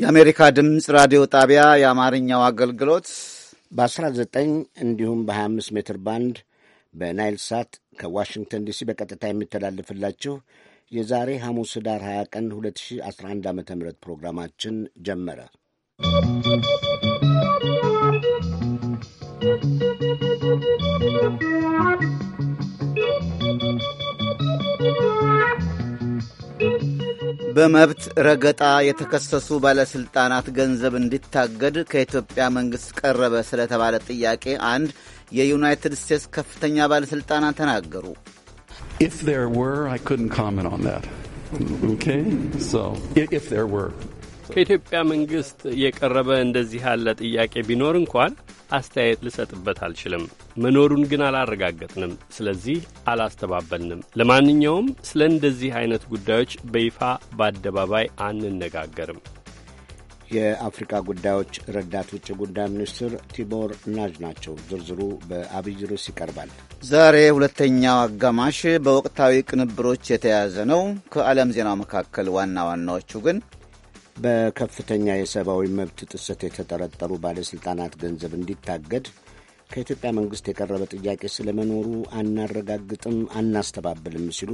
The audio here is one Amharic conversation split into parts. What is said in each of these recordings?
የአሜሪካ ድምፅ ራዲዮ ጣቢያ የአማርኛው አገልግሎት በ19 እንዲሁም በ25 ሜትር ባንድ በናይል ሳት ከዋሽንግተን ዲሲ በቀጥታ የሚተላልፍላችሁ የዛሬ ሐሙስ ኅዳር 20 ቀን 2011 ዓ ም ፕሮግራማችን ጀመረ። በመብት ረገጣ የተከሰሱ ባለሥልጣናት ገንዘብ እንዲታገድ ከኢትዮጵያ መንግሥት ቀረበ ስለተባለ ጥያቄ አንድ የዩናይትድ ስቴትስ ከፍተኛ ባለሥልጣናት ተናገሩ። ከኢትዮጵያ መንግስት የቀረበ እንደዚህ ያለ ጥያቄ ቢኖር እንኳን አስተያየት ልሰጥበት አልችልም። መኖሩን ግን አላረጋገጥንም፣ ስለዚህ አላስተባበልንም። ለማንኛውም ስለ እንደዚህ አይነት ጉዳዮች በይፋ በአደባባይ አንነጋገርም። የአፍሪካ ጉዳዮች ረዳት ውጭ ጉዳይ ሚኒስትር ቲቦር ናጅ ናቸው። ዝርዝሩ በአብይ ርዕስ ይቀርባል። ዛሬ ሁለተኛው አጋማሽ በወቅታዊ ቅንብሮች የተያዘ ነው። ከዓለም ዜናው መካከል ዋና ዋናዎቹ ግን በከፍተኛ የሰብአዊ መብት ጥሰት የተጠረጠሩ ባለሥልጣናት ገንዘብ እንዲታገድ ከኢትዮጵያ መንግሥት የቀረበ ጥያቄ ስለመኖሩ አናረጋግጥም፣ አናስተባብልም ሲሉ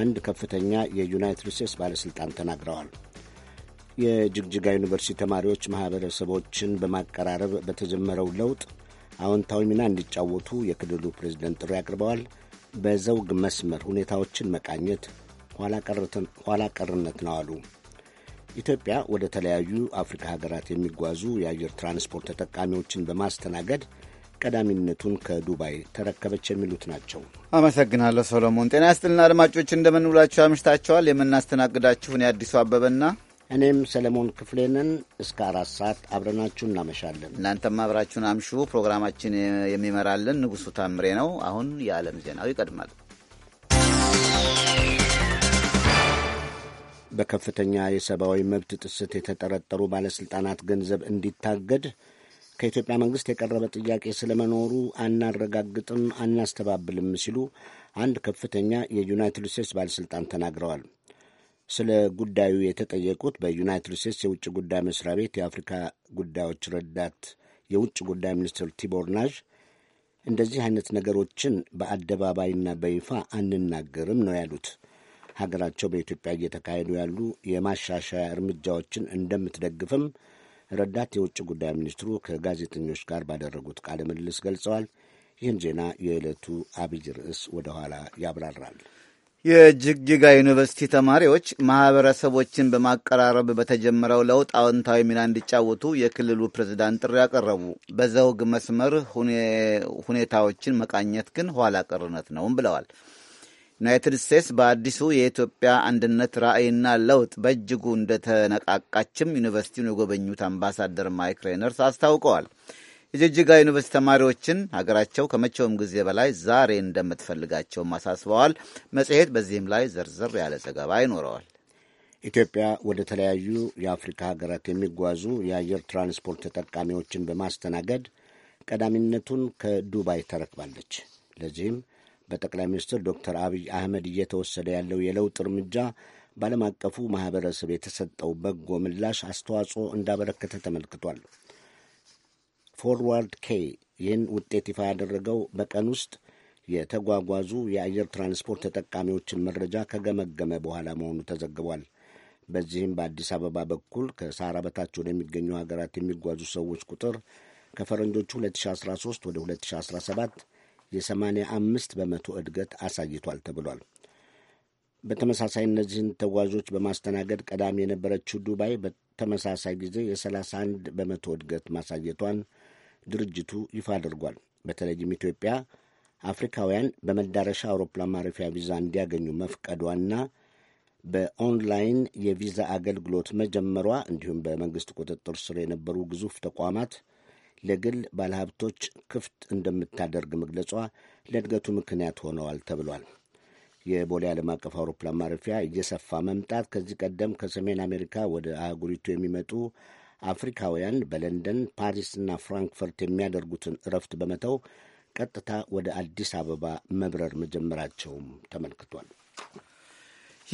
አንድ ከፍተኛ የዩናይትድ ስቴትስ ባለሥልጣን ተናግረዋል። የጅግጅጋ ዩኒቨርሲቲ ተማሪዎች ማኅበረሰቦችን በማቀራረብ በተጀመረው ለውጥ አዎንታዊ ሚና እንዲጫወቱ የክልሉ ፕሬዝደንት ጥሪ አቅርበዋል። በዘውግ መስመር ሁኔታዎችን መቃኘት ኋላ ቀርነት ነው አሉ። ኢትዮጵያ ወደ ተለያዩ አፍሪካ ሀገራት የሚጓዙ የአየር ትራንስፖርት ተጠቃሚዎችን በማስተናገድ ቀዳሚነቱን ከዱባይ ተረከበች የሚሉት ናቸው። አመሰግናለሁ ሰሎሞን። ጤና ያስጥልና አድማጮች እንደምንውላችሁ አምሽታቸዋል። የምናስተናግዳችሁን የአዲሱ አበበና እኔም ሰለሞን ክፍሌንን እስከ አራት ሰዓት አብረናችሁ እናመሻለን። እናንተም አብራችሁን አምሹ። ፕሮግራማችን የሚመራልን ንጉሱ ታምሬ ነው። አሁን የዓለም ዜናው ይቀድማል። በከፍተኛ የሰብአዊ መብት ጥሰት የተጠረጠሩ ባለሥልጣናት ገንዘብ እንዲታገድ ከኢትዮጵያ መንግሥት የቀረበ ጥያቄ ስለመኖሩ አናረጋግጥም፣ አናስተባብልም ሲሉ አንድ ከፍተኛ የዩናይትድ ስቴትስ ባለሥልጣን ተናግረዋል። ስለ ጉዳዩ የተጠየቁት በዩናይትድ ስቴትስ የውጭ ጉዳይ መስሪያ ቤት የአፍሪካ ጉዳዮች ረዳት የውጭ ጉዳይ ሚኒስትር ቲቦር ናዥ እንደዚህ አይነት ነገሮችን በአደባባይና በይፋ አንናገርም ነው ያሉት። ሀገራቸው በኢትዮጵያ እየተካሄዱ ያሉ የማሻሻያ እርምጃዎችን እንደምትደግፍም ረዳት የውጭ ጉዳይ ሚኒስትሩ ከጋዜጠኞች ጋር ባደረጉት ቃለ ምልልስ ገልጸዋል። ይህን ዜና የዕለቱ አብይ ርዕስ ወደ ኋላ ያብራራል። የጅግጅጋ ዩኒቨርሲቲ ተማሪዎች ማኅበረሰቦችን በማቀራረብ በተጀመረው ለውጥ አዎንታዊ ሚና እንዲጫወቱ የክልሉ ፕሬዝዳንት ጥሪ ያቀረቡ፣ በዘውግ መስመር ሁኔታዎችን መቃኘት ግን ኋላ ቀርነት ነውም ብለዋል። ዩናይትድ ስቴትስ በአዲሱ የኢትዮጵያ አንድነት ራዕይና ለውጥ በእጅጉ እንደተነቃቃችም ዩኒቨርሲቲውን የጎበኙት አምባሳደር ማይክ ሬነርስ አስታውቀዋል። የጅጅጋ ዩኒቨርሲቲ ተማሪዎችን ሀገራቸው ከመቼውም ጊዜ በላይ ዛሬ እንደምትፈልጋቸውም አሳስበዋል። መጽሔት በዚህም ላይ ዝርዝር ያለ ዘገባ ይኖረዋል። ኢትዮጵያ ወደ ተለያዩ የአፍሪካ ሀገራት የሚጓዙ የአየር ትራንስፖርት ተጠቃሚዎችን በማስተናገድ ቀዳሚነቱን ከዱባይ ተረክባለች። ለዚህም በጠቅላይ ሚኒስትር ዶክተር አብይ አህመድ እየተወሰደ ያለው የለውጥ እርምጃ በዓለም አቀፉ ማህበረሰብ የተሰጠው በጎ ምላሽ አስተዋጽኦ እንዳበረከተ ተመልክቷል። ፎርዋርድ ኬ ይህን ውጤት ይፋ ያደረገው በቀን ውስጥ የተጓጓዙ የአየር ትራንስፖርት ተጠቃሚዎችን መረጃ ከገመገመ በኋላ መሆኑ ተዘግቧል። በዚህም በአዲስ አበባ በኩል ከሳራ በታች ወደሚገኙ ሀገራት የሚጓዙ ሰዎች ቁጥር ከፈረንጆቹ 2013 ወደ 2017 የ85 በመቶ እድገት አሳይቷል ተብሏል። በተመሳሳይ እነዚህን ተጓዦች በማስተናገድ ቀዳሚ የነበረችው ዱባይ በተመሳሳይ ጊዜ የ31 በመቶ እድገት ማሳየቷን ድርጅቱ ይፋ አድርጓል። በተለይም ኢትዮጵያ አፍሪካውያን በመዳረሻ አውሮፕላን ማረፊያ ቪዛ እንዲያገኙ መፍቀዷና በኦንላይን የቪዛ አገልግሎት መጀመሯ እንዲሁም በመንግስት ቁጥጥር ስር የነበሩ ግዙፍ ተቋማት ለግል ባለሀብቶች ክፍት እንደምታደርግ መግለጿ ለእድገቱ ምክንያት ሆነዋል ተብሏል። የቦሌ ዓለም አቀፍ አውሮፕላን ማረፊያ እየሰፋ መምጣት ከዚህ ቀደም ከሰሜን አሜሪካ ወደ አህጉሪቱ የሚመጡ አፍሪካውያን በለንደን ፓሪስና ፍራንክፈርት የሚያደርጉትን እረፍት በመተው ቀጥታ ወደ አዲስ አበባ መብረር መጀመራቸውም ተመልክቷል።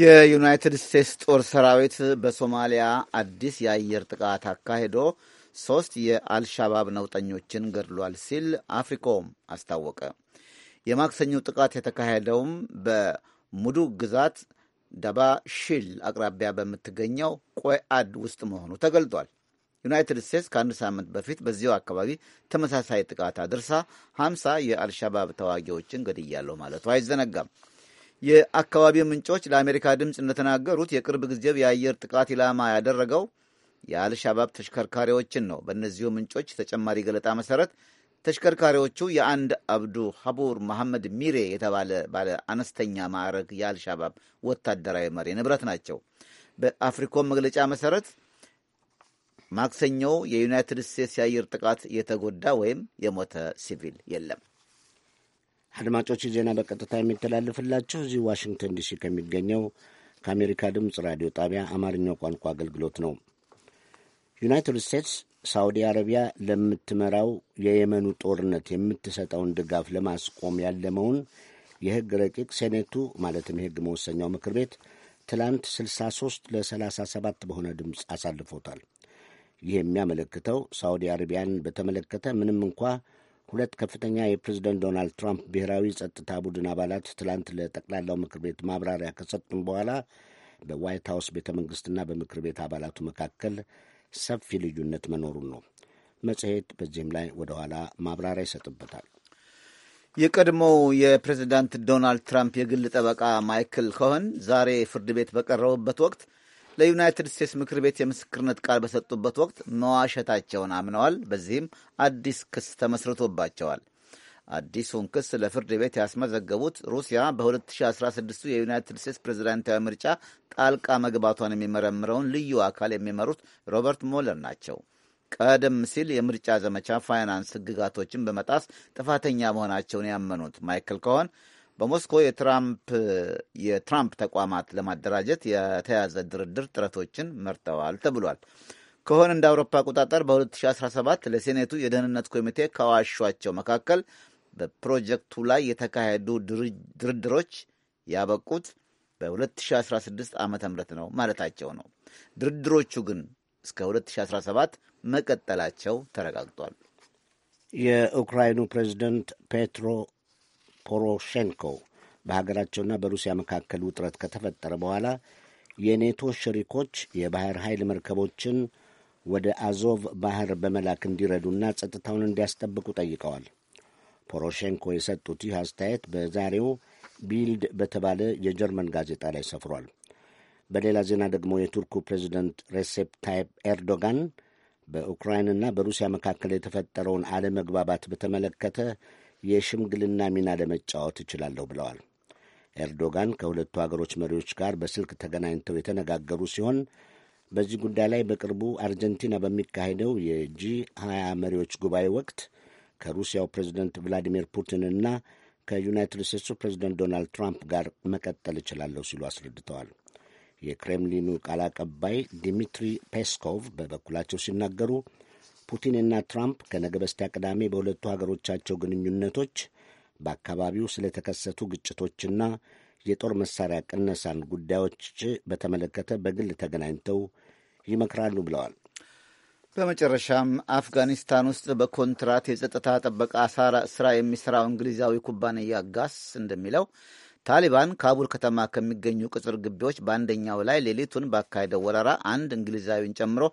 የዩናይትድ ስቴትስ ጦር ሰራዊት በሶማሊያ አዲስ የአየር ጥቃት አካሂዶ ሶስት የአልሻባብ ነውጠኞችን ገድሏል ሲል አፍሪኮም አስታወቀ። የማክሰኞው ጥቃት የተካሄደውም በሙዱ ግዛት ዳባ ሺል አቅራቢያ በምትገኘው ቆይአድ ውስጥ መሆኑ ተገልጧል። ዩናይትድ ስቴትስ ከአንድ ሳምንት በፊት በዚያው አካባቢ ተመሳሳይ ጥቃት አድርሳ ሀምሳ የአልሻባብ ተዋጊዎችን ገድያለሁ ማለቱ አይዘነጋም። የአካባቢው ምንጮች ለአሜሪካ ድምፅ እንደተናገሩት የቅርብ ጊዜው የአየር ጥቃት ኢላማ ያደረገው የአልሻባብ ተሽከርካሪዎችን ነው። በእነዚሁ ምንጮች ተጨማሪ ገለጣ መሰረት ተሽከርካሪዎቹ የአንድ አብዱ ሀቡር መሐመድ ሚሬ የተባለ ባለ አነስተኛ ማዕረግ የአልሻባብ ወታደራዊ መሪ ንብረት ናቸው። በአፍሪኮም መግለጫ መሰረት ማክሰኞው የዩናይትድ ስቴትስ የአየር ጥቃት የተጎዳ ወይም የሞተ ሲቪል የለም። አድማጮች ዜና በቀጥታ የሚተላለፍላችሁ እዚህ ዋሽንግተን ዲሲ ከሚገኘው ከአሜሪካ ድምፅ ራዲዮ ጣቢያ አማርኛው ቋንቋ አገልግሎት ነው። ዩናይትድ ስቴትስ ሳውዲ አረቢያ ለምትመራው የየመኑ ጦርነት የምትሰጠውን ድጋፍ ለማስቆም ያለመውን የሕግ ረቂቅ ሴኔቱ ማለትም የሕግ መወሰኛው ምክር ቤት ትላንት 63 ለ37 በሆነ ድምፅ አሳልፎታል። ይህ የሚያመለክተው ሳውዲ አረቢያን በተመለከተ ምንም እንኳ ሁለት ከፍተኛ የፕሬዝደንት ዶናልድ ትራምፕ ብሔራዊ ጸጥታ ቡድን አባላት ትላንት ለጠቅላላው ምክር ቤት ማብራሪያ ከሰጡም በኋላ በዋይት ሀውስ ቤተ መንግሥትና በምክር ቤት አባላቱ መካከል ሰፊ ልዩነት መኖሩን ነው። መጽሔት በዚህም ላይ ወደ ኋላ ማብራሪያ ይሰጥበታል። የቀድሞው የፕሬዚዳንት ዶናልድ ትራምፕ የግል ጠበቃ ማይክል ኮሆን ዛሬ ፍርድ ቤት በቀረቡበት ወቅት ለዩናይትድ ስቴትስ ምክር ቤት የምስክርነት ቃል በሰጡበት ወቅት መዋሸታቸውን አምነዋል። በዚህም አዲስ ክስ ተመስርቶባቸዋል። አዲሱን ክስ ለፍርድ ቤት ያስመዘገቡት ሩሲያ በ2016 የዩናይትድ ስቴትስ ፕሬዝዳንታዊ ምርጫ ጣልቃ መግባቷን የሚመረምረውን ልዩ አካል የሚመሩት ሮበርት ሞለር ናቸው። ቀደም ሲል የምርጫ ዘመቻ ፋይናንስ ህግጋቶችን በመጣስ ጥፋተኛ መሆናቸውን ያመኑት ማይክል ኮሆን በሞስኮ የትራምፕ ተቋማት ለማደራጀት የተያዘ ድርድር ጥረቶችን መርተዋል ተብሏል። ከሆን እንደ አውሮፓ አቆጣጠር በ2017 ለሴኔቱ የደህንነት ኮሚቴ ከዋሿቸው መካከል በፕሮጀክቱ ላይ የተካሄዱ ድርድሮች ያበቁት በ2016 ዓ ም ነው ማለታቸው ነው። ድርድሮቹ ግን እስከ 2017 መቀጠላቸው ተረጋግጧል። የኡክራይኑ ፕሬዚደንት ፔትሮ ፖሮሼንኮ በሀገራቸውና በሩሲያ መካከል ውጥረት ከተፈጠረ በኋላ የኔቶ ሸሪኮች የባህር ኃይል መርከቦችን ወደ አዞቭ ባህር በመላክ እንዲረዱና ጸጥታውን እንዲያስጠብቁ ጠይቀዋል። ፖሮሼንኮ የሰጡት ይህ አስተያየት በዛሬው ቢልድ በተባለ የጀርመን ጋዜጣ ላይ ሰፍሯል። በሌላ ዜና ደግሞ የቱርኩ ፕሬዚደንት ሬሴፕ ታይፕ ኤርዶጋን በኡክራይንና በሩሲያ መካከል የተፈጠረውን አለመግባባት በተመለከተ የሽምግልና ሚና ለመጫወት እችላለሁ ብለዋል። ኤርዶጋን ከሁለቱ አገሮች መሪዎች ጋር በስልክ ተገናኝተው የተነጋገሩ ሲሆን በዚህ ጉዳይ ላይ በቅርቡ አርጀንቲና በሚካሄደው የጂ 20 መሪዎች ጉባኤ ወቅት ከሩሲያው ፕሬዚደንት ቭላዲሚር ፑቲንና ከዩናይትድ ስቴትሱ ፕሬዚደንት ዶናልድ ትራምፕ ጋር መቀጠል እችላለሁ ሲሉ አስረድተዋል። የክሬምሊኑ ቃል አቀባይ ዲሚትሪ ፔስኮቭ በበኩላቸው ሲናገሩ ፑቲንና ትራምፕ ከነገ በስቲያ ቅዳሜ በሁለቱ ሀገሮቻቸው ግንኙነቶች፣ በአካባቢው ስለተከሰቱ ግጭቶችና የጦር መሳሪያ ቅነሳን ጉዳዮች በተመለከተ በግል ተገናኝተው ይመክራሉ ብለዋል። በመጨረሻም አፍጋኒስታን ውስጥ በኮንትራት የጸጥታ ጥበቃ ስራ የሚሰራው እንግሊዛዊ ኩባንያ ጋስ እንደሚለው ታሊባን ካቡል ከተማ ከሚገኙ ቅጽር ግቢዎች በአንደኛው ላይ ሌሊቱን ባካሄደው ወረራ አንድ እንግሊዛዊን ጨምሮ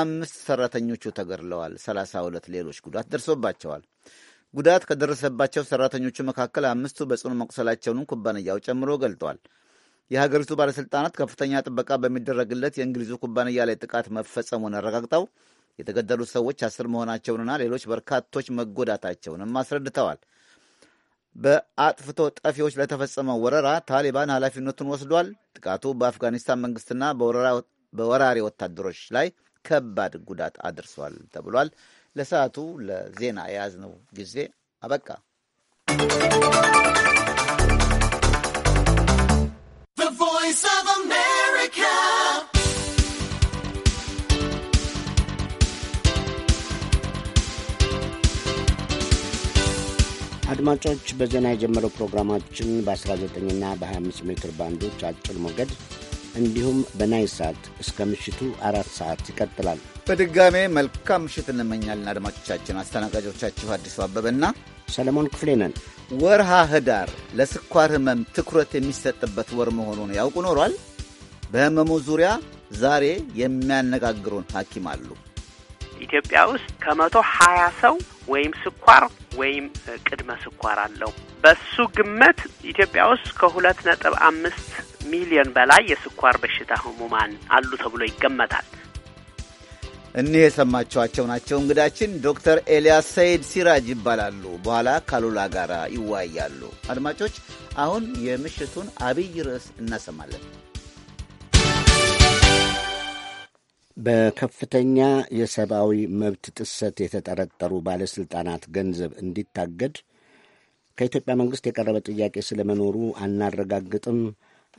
አምስት ሰራተኞቹ ተገድለዋል። 32 ሌሎች ጉዳት ደርሶባቸዋል። ጉዳት ከደረሰባቸው ሰራተኞቹ መካከል አምስቱ በጽኑ መቁሰላቸውንም ኩባንያው ጨምሮ ገልጧል። የሀገሪቱ ባለሥልጣናት ከፍተኛ ጥበቃ በሚደረግለት የእንግሊዙ ኩባንያ ላይ ጥቃት መፈጸሙን አረጋግጠው የተገደሉት ሰዎች አስር መሆናቸውንና ሌሎች በርካቶች መጎዳታቸውንም አስረድተዋል። በአጥፍቶ ጠፊዎች ለተፈጸመው ወረራ ታሊባን ኃላፊነቱን ወስዷል። ጥቃቱ በአፍጋኒስታን መንግስትና በወራሪ ወታደሮች ላይ ከባድ ጉዳት አድርሷል ተብሏል። ለሰዓቱ ለዜና የያዝነው ጊዜ አበቃ። አድማጮች በዜና የጀመረው ፕሮግራማችን በ19ና በ25 ሜትር ባንዶች አጭር ሞገድ እንዲሁም በናይ ሰዓት እስከ ምሽቱ አራት ሰዓት ይቀጥላል። በድጋሜ መልካም ምሽት እንመኛለን አድማጮቻችን። አስተናጋጆቻችሁ አዲሱ አበበና ሰለሞን ክፍሌ ነን። ወርሃ ህዳር ለስኳር ህመም ትኩረት የሚሰጥበት ወር መሆኑን ያውቁ ኖሯል? በህመሙ ዙሪያ ዛሬ የሚያነጋግሩን ሐኪም አሉ። ኢትዮጵያ ውስጥ ከመቶ ሀያ ሰው ወይም ስኳር ወይም ቅድመ ስኳር አለው። በሱ ግምት ኢትዮጵያ ውስጥ ከሁለት ነጥብ አምስት ሚሊዮን በላይ የስኳር በሽታ ህሙማን አሉ ተብሎ ይገመታል። እኒህ የሰማችኋቸው ናቸው። እንግዳችን ዶክተር ኤልያስ ሰይድ ሲራጅ ይባላሉ። በኋላ ካሉላ ጋር ይወያያሉ። አድማጮች፣ አሁን የምሽቱን አብይ ርዕስ እናሰማለን። በከፍተኛ የሰብአዊ መብት ጥሰት የተጠረጠሩ ባለሥልጣናት ገንዘብ እንዲታገድ ከኢትዮጵያ መንግሥት የቀረበ ጥያቄ ስለመኖሩ አናረጋግጥም፣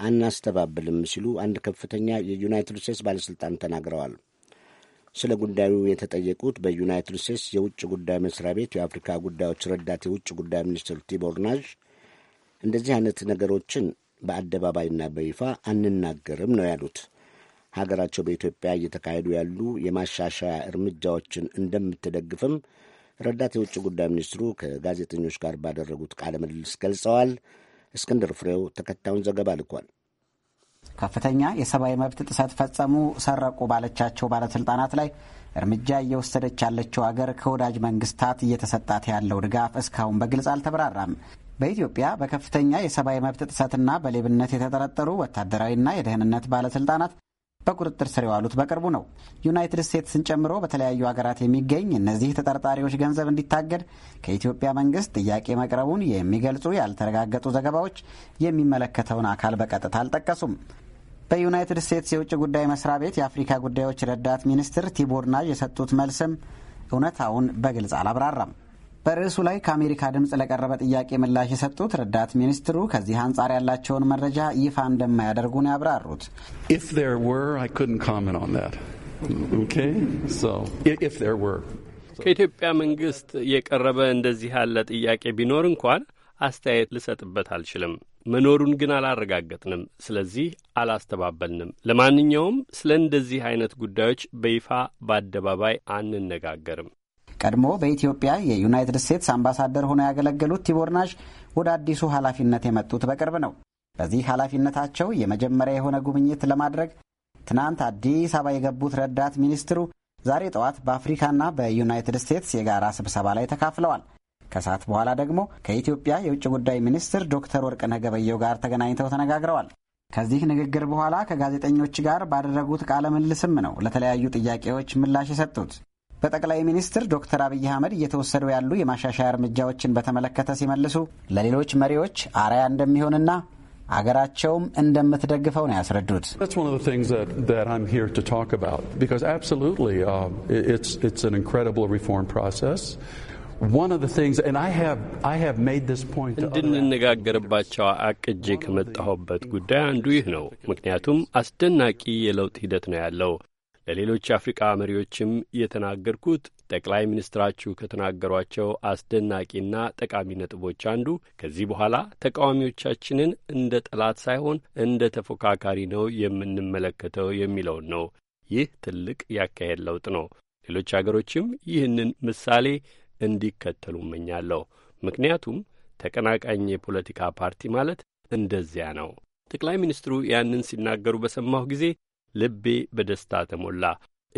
አናስተባብልም ሲሉ አንድ ከፍተኛ የዩናይትድ ስቴትስ ባለሥልጣን ተናግረዋል። ስለ ጉዳዩ የተጠየቁት በዩናይትድ ስቴትስ የውጭ ጉዳይ መስሪያ ቤት የአፍሪካ ጉዳዮች ረዳት የውጭ ጉዳይ ሚኒስትር ቲቦር ናዥ እንደዚህ አይነት ነገሮችን በአደባባይና በይፋ አንናገርም ነው ያሉት። ሀገራቸው በኢትዮጵያ እየተካሄዱ ያሉ የማሻሻያ እርምጃዎችን እንደምትደግፍም ረዳት የውጭ ጉዳይ ሚኒስትሩ ከጋዜጠኞች ጋር ባደረጉት ቃለ ምልልስ ገልጸዋል። እስክንድር ፍሬው ተከታዩን ዘገባ ልኳል። ከፍተኛ የሰብአዊ መብት ጥሰት ፈጸሙ፣ ሰረቁ ባለቻቸው ባለስልጣናት ላይ እርምጃ እየወሰደች ያለችው አገር ከወዳጅ መንግስታት እየተሰጣት ያለው ድጋፍ እስካሁን በግልጽ አልተብራራም። በኢትዮጵያ በከፍተኛ የሰብአዊ መብት ጥሰትና በሌብነት የተጠረጠሩ ወታደራዊና የደህንነት ባለስልጣናት በቁጥጥር ስር የዋሉት በቅርቡ ነው። ዩናይትድ ስቴትስን ጨምሮ በተለያዩ ሀገራት የሚገኝ እነዚህ ተጠርጣሪዎች ገንዘብ እንዲታገድ ከኢትዮጵያ መንግስት ጥያቄ መቅረቡን የሚገልጹ ያልተረጋገጡ ዘገባዎች የሚመለከተውን አካል በቀጥታ አልጠቀሱም። በዩናይትድ ስቴትስ የውጭ ጉዳይ መስሪያ ቤት የአፍሪካ ጉዳዮች ረዳት ሚኒስትር ቲቦር ናዥ የሰጡት መልስም እውነታውን በግልጽ አላብራራም። በርዕሱ ላይ ከአሜሪካ ድምፅ ለቀረበ ጥያቄ ምላሽ የሰጡት ረዳት ሚኒስትሩ ከዚህ አንጻር ያላቸውን መረጃ ይፋ እንደማያደርጉ ነው ያብራሩት። ከኢትዮጵያ መንግስት የቀረበ እንደዚህ ያለ ጥያቄ ቢኖር እንኳን አስተያየት ልሰጥበት አልችልም። መኖሩን ግን አላረጋገጥንም፣ ስለዚህ አላስተባበልንም። ለማንኛውም ስለ እንደዚህ አይነት ጉዳዮች በይፋ በአደባባይ አንነጋገርም። ቀድሞ በኢትዮጵያ የዩናይትድ ስቴትስ አምባሳደር ሆነው ያገለገሉት ቲቦር ናሽ ወደ አዲሱ ኃላፊነት የመጡት በቅርብ ነው። በዚህ ኃላፊነታቸው የመጀመሪያ የሆነ ጉብኝት ለማድረግ ትናንት አዲስ አበባ የገቡት ረዳት ሚኒስትሩ ዛሬ ጠዋት በአፍሪካና በዩናይትድ ስቴትስ የጋራ ስብሰባ ላይ ተካፍለዋል። ከሰዓት በኋላ ደግሞ ከኢትዮጵያ የውጭ ጉዳይ ሚኒስትር ዶክተር ወርቅነህ ገበየሁ ጋር ተገናኝተው ተነጋግረዋል። ከዚህ ንግግር በኋላ ከጋዜጠኞች ጋር ባደረጉት ቃለ ምልልስም ነው ለተለያዩ ጥያቄዎች ምላሽ የሰጡት። በጠቅላይ ሚኒስትር ዶክተር አብይ አህመድ እየተወሰዱ ያሉ የማሻሻያ እርምጃዎችን በተመለከተ ሲመልሱ ለሌሎች መሪዎች አርአያ እንደሚሆንና አገራቸውም እንደምትደግፈው ነው ያስረዱት። እንድንነጋገርባቸው አቅጄ ከመጣሁበት ጉዳይ አንዱ ይህ ነው። ምክንያቱም አስደናቂ የለውጥ ሂደት ነው ያለው። ለሌሎች አፍሪቃ መሪዎችም የተናገርኩት ጠቅላይ ሚኒስትራችሁ ከተናገሯቸው አስደናቂና ጠቃሚ ነጥቦች አንዱ ከዚህ በኋላ ተቃዋሚዎቻችንን እንደ ጠላት ሳይሆን እንደ ተፎካካሪ ነው የምንመለከተው የሚለውን ነው። ይህ ትልቅ ያካሄድ ለውጥ ነው። ሌሎች አገሮችም ይህንን ምሳሌ እንዲከተሉ እመኛለሁ። ምክንያቱም ተቀናቃኝ የፖለቲካ ፓርቲ ማለት እንደዚያ ነው። ጠቅላይ ሚኒስትሩ ያንን ሲናገሩ በሰማሁ ጊዜ ልቤ በደስታ ተሞላ።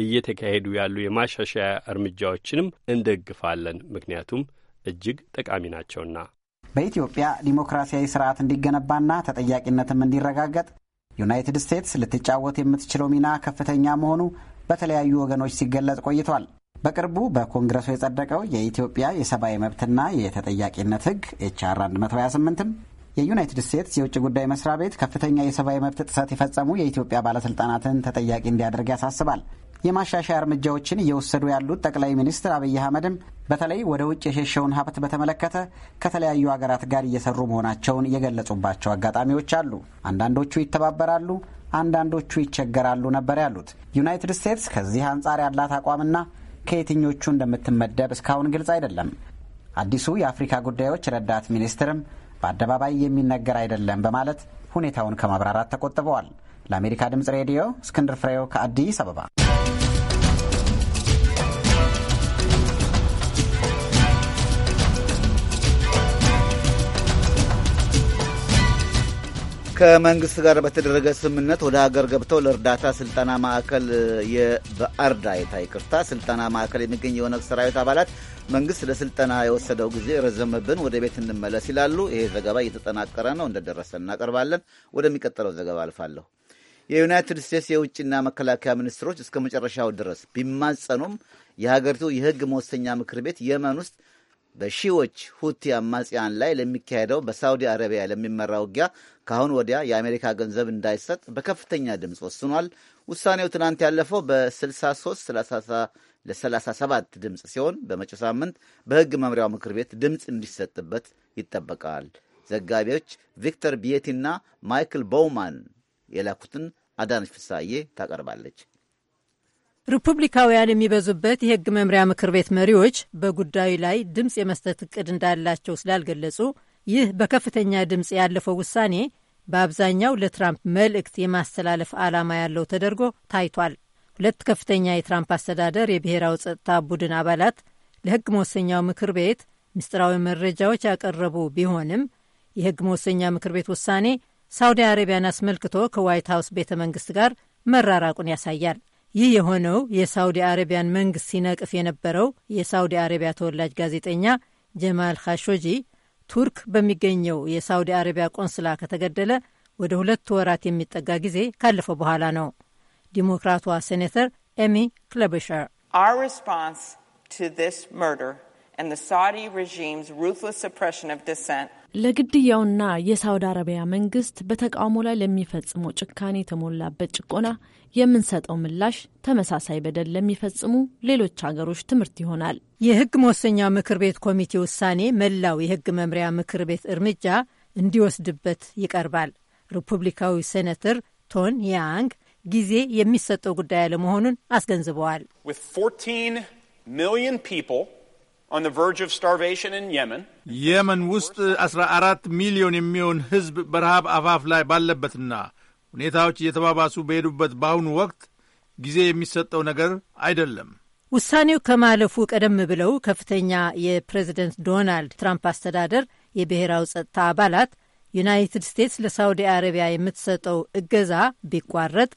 እየተካሄዱ ያሉ የማሻሻያ እርምጃዎችንም እንደግፋለን፣ ምክንያቱም እጅግ ጠቃሚ ናቸውና። በኢትዮጵያ ዲሞክራሲያዊ ስርዓት እንዲገነባና ተጠያቂነትም እንዲረጋገጥ ዩናይትድ ስቴትስ ልትጫወት የምትችለው ሚና ከፍተኛ መሆኑ በተለያዩ ወገኖች ሲገለጽ ቆይቷል። በቅርቡ በኮንግረሱ የጸደቀው የኢትዮጵያ የሰብአዊ መብትና የተጠያቂነት ህግ ኤችአር 128ም የዩናይትድ ስቴትስ የውጭ ጉዳይ መስሪያ ቤት ከፍተኛ የሰብአዊ መብት ጥሰት የፈጸሙ የኢትዮጵያ ባለስልጣናትን ተጠያቂ እንዲያደርግ ያሳስባል። የማሻሻያ እርምጃዎችን እየወሰዱ ያሉት ጠቅላይ ሚኒስትር አብይ አህመድም በተለይ ወደ ውጭ የሸሸውን ሀብት በተመለከተ ከተለያዩ ሀገራት ጋር እየሰሩ መሆናቸውን የገለጹባቸው አጋጣሚዎች አሉ። አንዳንዶቹ ይተባበራሉ፣ አንዳንዶቹ ይቸገራሉ ነበር ያሉት። ዩናይትድ ስቴትስ ከዚህ አንጻር ያላት አቋምና ከየትኞቹ እንደምትመደብ እስካሁን ግልጽ አይደለም። አዲሱ የአፍሪካ ጉዳዮች ረዳት ሚኒስትርም በአደባባይ የሚነገር አይደለም በማለት ሁኔታውን ከማብራራት ተቆጥበዋል። ለአሜሪካ ድምጽ ሬዲዮ እስክንድር ፍሬው ከአዲስ አበባ ከመንግስት ጋር በተደረገ ስምምነት ወደ ሀገር ገብተው ለእርዳታ ስልጠና ማዕከል በአርዳይታ ይቅርታ ስልጠና ማዕከል የሚገኝ የኦነግ ሰራዊት አባላት መንግስት ለስልጠና የወሰደው ጊዜ ረዘመብን፣ ወደ ቤት እንመለስ ይላሉ። ይሄ ዘገባ እየተጠናቀረ ነው፣ እንደደረሰ እናቀርባለን። ወደሚቀጥለው ዘገባ አልፋለሁ። የዩናይትድ ስቴትስ የውጭና መከላከያ ሚኒስትሮች እስከ መጨረሻው ድረስ ቢማጸኑም የሀገሪቱ የህግ መወሰኛ ምክር ቤት የመን ውስጥ በሺዎች ሁቲ አማጽያን ላይ ለሚካሄደው በሳውዲ አረቢያ ለሚመራ ውጊያ ከአሁን ወዲያ የአሜሪካ ገንዘብ እንዳይሰጥ በከፍተኛ ድምፅ ወስኗል። ውሳኔው ትናንት ያለፈው በ63 ለ37 ድምፅ ሲሆን በመጪው ሳምንት በሕግ መምሪያው ምክር ቤት ድምፅ እንዲሰጥበት ይጠበቃል። ዘጋቢዎች ቪክተር ቢየቲና ማይክል ቦውማን የላኩትን አዳነች ፍሳዬ ታቀርባለች። ሪፑብሊካውያን የሚበዙበት የሕግ መምሪያ ምክር ቤት መሪዎች በጉዳዩ ላይ ድምፅ የመስጠት እቅድ እንዳላቸው ስላልገለጹ ይህ በከፍተኛ ድምፅ ያለፈው ውሳኔ በአብዛኛው ለትራምፕ መልእክት የማስተላለፍ ዓላማ ያለው ተደርጎ ታይቷል። ሁለት ከፍተኛ የትራምፕ አስተዳደር የብሔራዊ ጸጥታ ቡድን አባላት ለሕግ መወሰኛው ምክር ቤት ምስጢራዊ መረጃዎች ያቀረቡ ቢሆንም የሕግ መወሰኛ ምክር ቤት ውሳኔ ሳውዲ አረቢያን አስመልክቶ ከዋይት ሀውስ ቤተ መንግስት ጋር መራራቁን ያሳያል። ይህ የሆነው የሳውዲ አረቢያን መንግስት ሲነቅፍ የነበረው የሳውዲ አረቢያ ተወላጅ ጋዜጠኛ ጀማል ካሾጂ ቱርክ በሚገኘው የሳውዲ አረቢያ ቆንስላ ከተገደለ ወደ ሁለት ወራት የሚጠጋ ጊዜ ካለፈ በኋላ ነው። ዲሞክራቷ ሴኔተር ኤሚ ክለበሻር ለግድያውና የሳውዲ አረቢያ መንግስት በተቃውሞ ላይ ለሚፈጽመው ጭካኔ የተሞላበት ጭቆና የምንሰጠው ምላሽ ተመሳሳይ በደል ለሚፈጽሙ ሌሎች ሀገሮች ትምህርት ይሆናል። የህግ መወሰኛ ምክር ቤት ኮሚቴ ውሳኔ መላው የህግ መምሪያ ምክር ቤት እርምጃ እንዲወስድበት ይቀርባል። ሪፑብሊካዊ ሴኔተር ቶን ያንግ ጊዜ የሚሰጠው ጉዳይ አለመሆኑን አስገንዝበዋል። የመን ውስጥ 14 ሚሊዮን የሚሆን ሕዝብ በረሃብ አፋፍ ላይ ባለበትና ሁኔታዎች እየተባባሱ በሄዱበት በአሁኑ ወቅት ጊዜ የሚሰጠው ነገር አይደለም። ውሳኔው ከማለፉ ቀደም ብለው ከፍተኛ የፕሬዚደንት ዶናልድ ትራምፕ አስተዳደር የብሔራዊ ጸጥታ አባላት ዩናይትድ ስቴትስ ለሳውዲ አረቢያ የምትሰጠው እገዛ ቢቋረጥ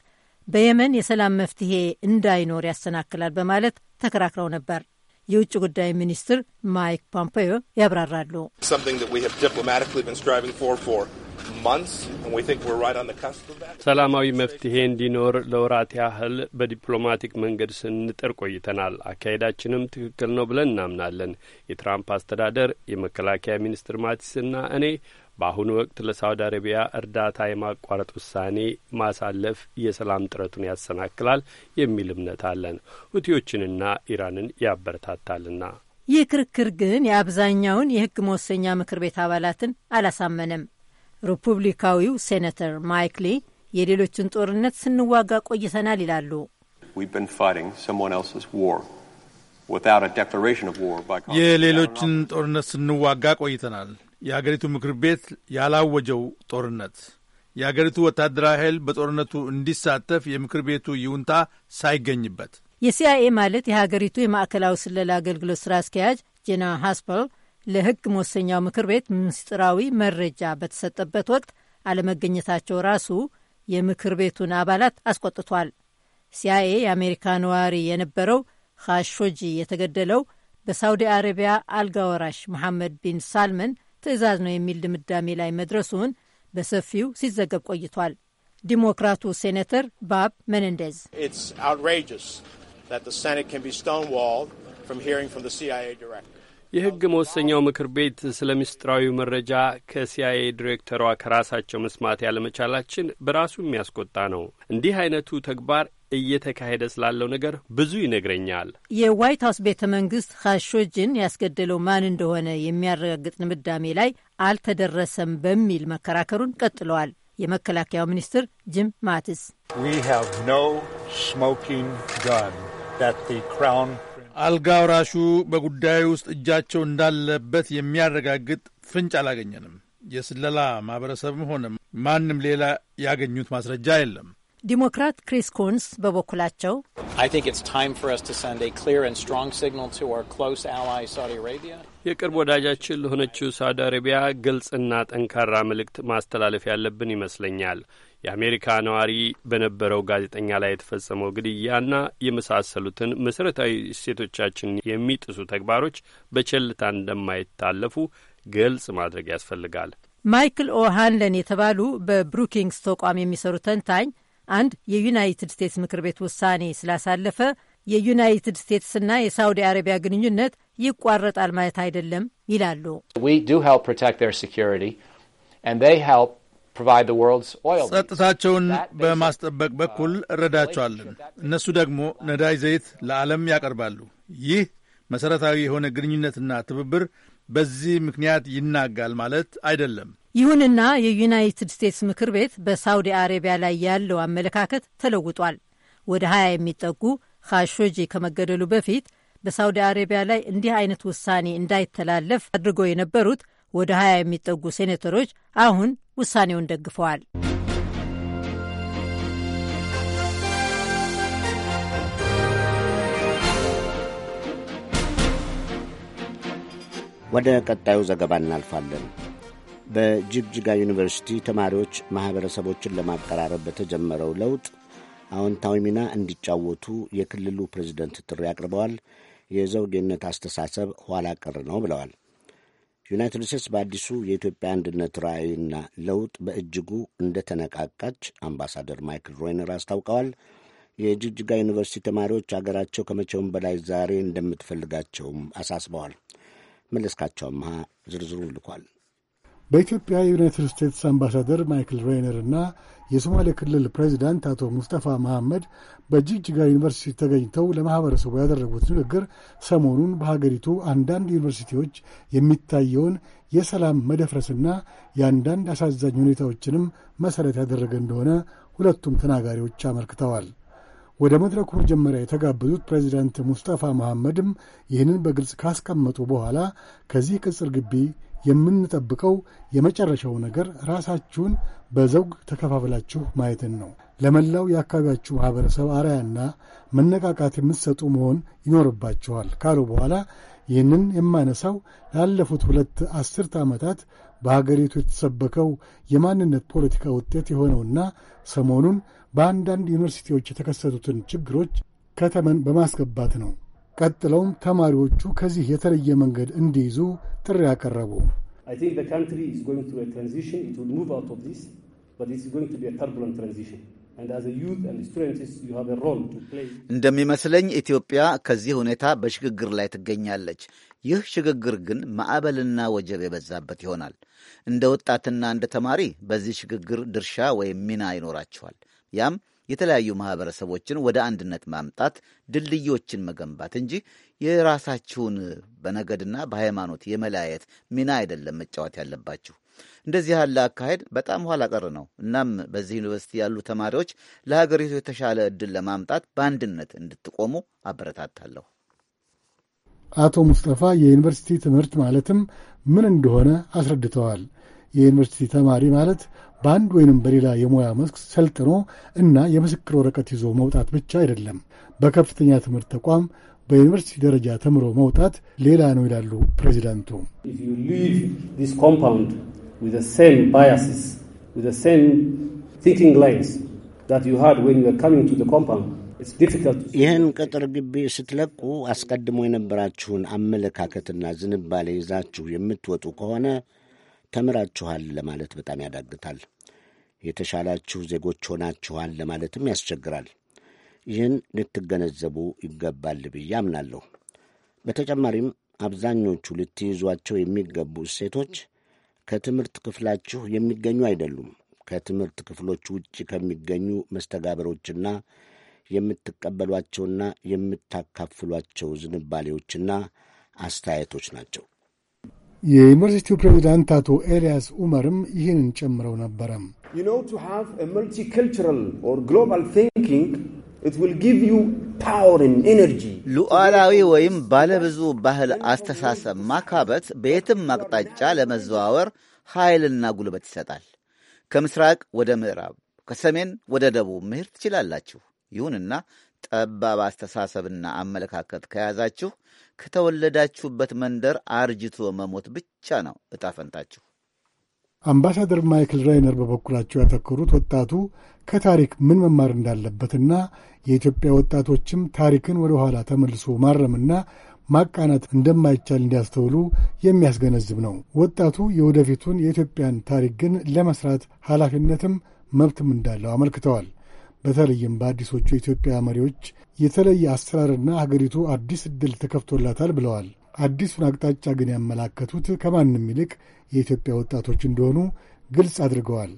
በየመን የሰላም መፍትሄ እንዳይኖር ያሰናክላል በማለት ተከራክረው ነበር። የውጭ ጉዳይ ሚኒስትር ማይክ ፖምፔዮ ያብራራሉ። ሰላማዊ መፍትሄ እንዲኖር ለወራት ያህል በዲፕሎማቲክ መንገድ ስንጥር ቆይተናል። አካሄዳችንም ትክክል ነው ብለን እናምናለን። የትራምፕ አስተዳደር የመከላከያ ሚኒስትር ማቲስና እኔ በአሁኑ ወቅት ለሳውዲ አረቢያ እርዳታ የማቋረጥ ውሳኔ ማሳለፍ የሰላም ጥረቱን ያሰናክላል የሚል እምነት አለን፣ ሁቲዎችንና ኢራንን ያበረታታልና። ይህ ክርክር ግን የአብዛኛውን የህግ መወሰኛ ምክር ቤት አባላትን አላሳመነም። ሪፑብሊካዊው ሴኔተር ማይክሌ የሌሎችን ጦርነት ስንዋጋ ቆይተናል ይላሉ። የሌሎችን ጦርነት ስንዋጋ ቆይተናል የአገሪቱ ምክር ቤት ያላወጀው ጦርነት የአገሪቱ ወታደራዊ ኃይል በጦርነቱ እንዲሳተፍ የምክር ቤቱ ይሁንታ ሳይገኝበት የሲአይኤ ማለት የሀገሪቱ የማዕከላዊ ስለላ አገልግሎት ስራ አስኪያጅ ጄና ሃስፐል ለሕግ መወሰኛው ምክር ቤት ምስጢራዊ መረጃ በተሰጠበት ወቅት አለመገኘታቸው ራሱ የምክር ቤቱን አባላት አስቆጥቷል። ሲአይኤ የአሜሪካ ነዋሪ የነበረው ካሾጂ የተገደለው በሳውዲ አረቢያ አልጋወራሽ መሐመድ ቢን ሳልመን ትዕዛዝ ነው የሚል ድምዳሜ ላይ መድረሱን በሰፊው ሲዘገብ ቆይቷል። ዲሞክራቱ ሴኔተር ባብ መነንደዝ የሕግ መወሰኛው ምክር ቤት ስለ ምስጢራዊው መረጃ ከሲአይኤ ዲሬክተሯ ከራሳቸው መስማት ያለመቻላችን በራሱ የሚያስቆጣ ነው። እንዲህ አይነቱ ተግባር እየተካሄደ ስላለው ነገር ብዙ ይነግረኛል። የዋይት ሀውስ ቤተ መንግስት ካሾጅን ያስገደለው ማን እንደሆነ የሚያረጋግጥ ድምዳሜ ላይ አልተደረሰም በሚል መከራከሩን ቀጥለዋል። የመከላከያው ሚኒስትር ጂም ማቲስ አልጋ ወራሹ በጉዳዩ ውስጥ እጃቸው እንዳለበት የሚያረጋግጥ ፍንጭ አላገኘንም። የስለላ ማህበረሰብም ሆነ ማንም ሌላ ያገኙት ማስረጃ የለም። ዲሞክራት ክሪስ ኩንስ በበኩላቸው የቅርብ ወዳጃችን ለሆነችው ሳውዲ አረቢያ ግልጽና ጠንካራ መልእክት ማስተላለፍ ያለብን ይመስለኛል። የአሜሪካ ነዋሪ በነበረው ጋዜጠኛ ላይ የተፈጸመው ግድያና የመሳሰሉትን መሠረታዊ እሴቶቻችን የሚጥሱ ተግባሮች በቸልታ እንደማይታለፉ ግልጽ ማድረግ ያስፈልጋል። ማይክል ኦሃንለን የተባሉ በብሩኪንግስ ተቋም የሚሰሩ ተንታኝ አንድ የዩናይትድ ስቴትስ ምክር ቤት ውሳኔ ስላሳለፈ የዩናይትድ ስቴትስና የሳውዲ አረቢያ ግንኙነት ይቋረጣል ማለት አይደለም ይላሉ። ጸጥታቸውን በማስጠበቅ በኩል እረዳቸዋለን። እነሱ ደግሞ ነዳጅ ዘይት ለዓለም ያቀርባሉ። ይህ መሠረታዊ የሆነ ግንኙነትና ትብብር በዚህ ምክንያት ይናጋል ማለት አይደለም። ይሁንና የዩናይትድ ስቴትስ ምክር ቤት በሳውዲ አረቢያ ላይ ያለው አመለካከት ተለውጧል። ወደ 20 የሚጠጉ ካሾጂ ከመገደሉ በፊት በሳውዲ አረቢያ ላይ እንዲህ አይነት ውሳኔ እንዳይተላለፍ አድርገው የነበሩት ወደ 20 የሚጠጉ ሴኔተሮች አሁን ውሳኔውን ደግፈዋል። ወደ ቀጣዩ ዘገባ እናልፋለን። በጅግጅጋ ዩኒቨርሲቲ ተማሪዎች ማኅበረሰቦችን ለማቀራረብ በተጀመረው ለውጥ አዎንታዊ ሚና እንዲጫወቱ የክልሉ ፕሬዝደንት ጥሪ አቅርበዋል። የዘውጌነት አስተሳሰብ ኋላ ቀር ነው ብለዋል። ዩናይትድ ስቴትስ በአዲሱ የኢትዮጵያ አንድነት ራዕይና ለውጥ በእጅጉ እንደተነቃቃች አምባሳደር ማይክል ሮይነር አስታውቀዋል። የጅግጅጋ ዩኒቨርሲቲ ተማሪዎች አገራቸው ከመቼውም በላይ ዛሬ እንደምትፈልጋቸውም አሳስበዋል። መለስካቸው አመሃ ዝርዝሩን ልኳል። በኢትዮጵያ የዩናይትድ ስቴትስ አምባሳደር ማይክል ሬይነር እና የሶማሌ ክልል ፕሬዚዳንት አቶ ሙስጠፋ መሐመድ በጅግጅጋ ዩኒቨርሲቲ ተገኝተው ለማኅበረሰቡ ያደረጉት ንግግር ሰሞኑን በሀገሪቱ አንዳንድ ዩኒቨርሲቲዎች የሚታየውን የሰላም መደፍረስና የአንዳንድ አሳዛኝ ሁኔታዎችንም መሠረት ያደረገ እንደሆነ ሁለቱም ተናጋሪዎች አመልክተዋል። ወደ መድረኩ መጀመሪያ የተጋበዙት ፕሬዚዳንት ሙስጠፋ መሐመድም ይህንን በግልጽ ካስቀመጡ በኋላ ከዚህ ቅጽር ግቢ የምንጠብቀው የመጨረሻው ነገር ራሳችሁን በዘውግ ተከፋፍላችሁ ማየትን ነው። ለመላው የአካባቢያችሁ ማኅበረሰብ አርያና መነቃቃት የምትሰጡ መሆን ይኖርባችኋል ካሉ በኋላ ይህንን የማነሳው ላለፉት ሁለት አስርተ ዓመታት በሀገሪቱ የተሰበከው የማንነት ፖለቲካ ውጤት የሆነውና ሰሞኑን በአንዳንድ ዩኒቨርሲቲዎች የተከሰቱትን ችግሮች ከተመን በማስገባት ነው። ቀጥለውም ተማሪዎቹ ከዚህ የተለየ መንገድ እንዲይዙ ጥሪ ያቀረቡ እንደሚመስለኝ ኢትዮጵያ ከዚህ ሁኔታ በሽግግር ላይ ትገኛለች። ይህ ሽግግር ግን ማዕበልና ወጀብ የበዛበት ይሆናል። እንደ ወጣትና እንደ ተማሪ በዚህ ሽግግር ድርሻ ወይም ሚና ይኖራቸዋል ያም የተለያዩ ማህበረሰቦችን ወደ አንድነት ማምጣት፣ ድልድዮችን መገንባት እንጂ የራሳችሁን በነገድና በሃይማኖት የመለያየት ሚና አይደለም መጫወት ያለባችሁ። እንደዚህ ያለ አካሄድ በጣም ኋላ ቀር ነው። እናም በዚህ ዩኒቨርሲቲ ያሉ ተማሪዎች ለሀገሪቱ የተሻለ እድል ለማምጣት በአንድነት እንድትቆሙ አበረታታለሁ። አቶ ሙስጠፋ የዩኒቨርሲቲ ትምህርት ማለትም ምን እንደሆነ አስረድተዋል። የዩኒቨርሲቲ ተማሪ ማለት በአንድ ወይንም በሌላ የሙያ መስክ ሰልጥኖ እና የምስክር ወረቀት ይዞ መውጣት ብቻ አይደለም። በከፍተኛ ትምህርት ተቋም በዩኒቨርሲቲ ደረጃ ተምሮ መውጣት ሌላ ነው ይላሉ ፕሬዚዳንቱ። ይህን ቅጥር ግቢ ስትለቁ አስቀድሞ የነበራችሁን አመለካከትና ዝንባሌ ይዛችሁ የምትወጡ ከሆነ ተምራችኋል ለማለት በጣም ያዳግታል። የተሻላችሁ ዜጎች ሆናችኋል ለማለትም ያስቸግራል። ይህን ልትገነዘቡ ይገባል ብዬ አምናለሁ። በተጨማሪም አብዛኞቹ ልትይዟቸው የሚገቡ እሴቶች ከትምህርት ክፍላችሁ የሚገኙ አይደሉም። ከትምህርት ክፍሎች ውጭ ከሚገኙ መስተጋበሮችና የምትቀበሏቸውና የምታካፍሏቸው ዝንባሌዎችና አስተያየቶች ናቸው። የዩኒቨርሲቲው ፕሬዚዳንት አቶ ኤልያስ ኡመርም ይህንን ጨምረው ነበረ። ሉዓላዊ ወይም ባለብዙ ባህል አስተሳሰብ ማካበት በየትም አቅጣጫ ለመዘዋወር ኃይልና ጉልበት ይሰጣል። ከምስራቅ ወደ ምዕራብ፣ ከሰሜን ወደ ደቡብ መሄድ ትችላላችሁ። ይሁንና ጠባብ አስተሳሰብና አመለካከት ከያዛችሁ ከተወለዳችሁበት መንደር አርጅቶ መሞት ብቻ ነው እጣፈንታችሁ አምባሳደር ማይክል ራይነር በበኩላቸው ያተኮሩት ወጣቱ ከታሪክ ምን መማር እንዳለበትና የኢትዮጵያ ወጣቶችም ታሪክን ወደ ኋላ ተመልሶ ማረምና ማቃናት እንደማይቻል እንዲያስተውሉ የሚያስገነዝብ ነው። ወጣቱ የወደፊቱን የኢትዮጵያን ታሪክ ግን ለመስራት ኃላፊነትም መብትም እንዳለው አመልክተዋል። በተለይም በአዲሶቹ የኢትዮጵያ መሪዎች የተለየ አሰራርና ሀገሪቱ አዲስ ዕድል ተከፍቶላታል ብለዋል። አዲሱን አቅጣጫ ግን ያመላከቱት ከማንም ይልቅ የኢትዮጵያ ወጣቶች እንደሆኑ ግልጽ አድርገዋል።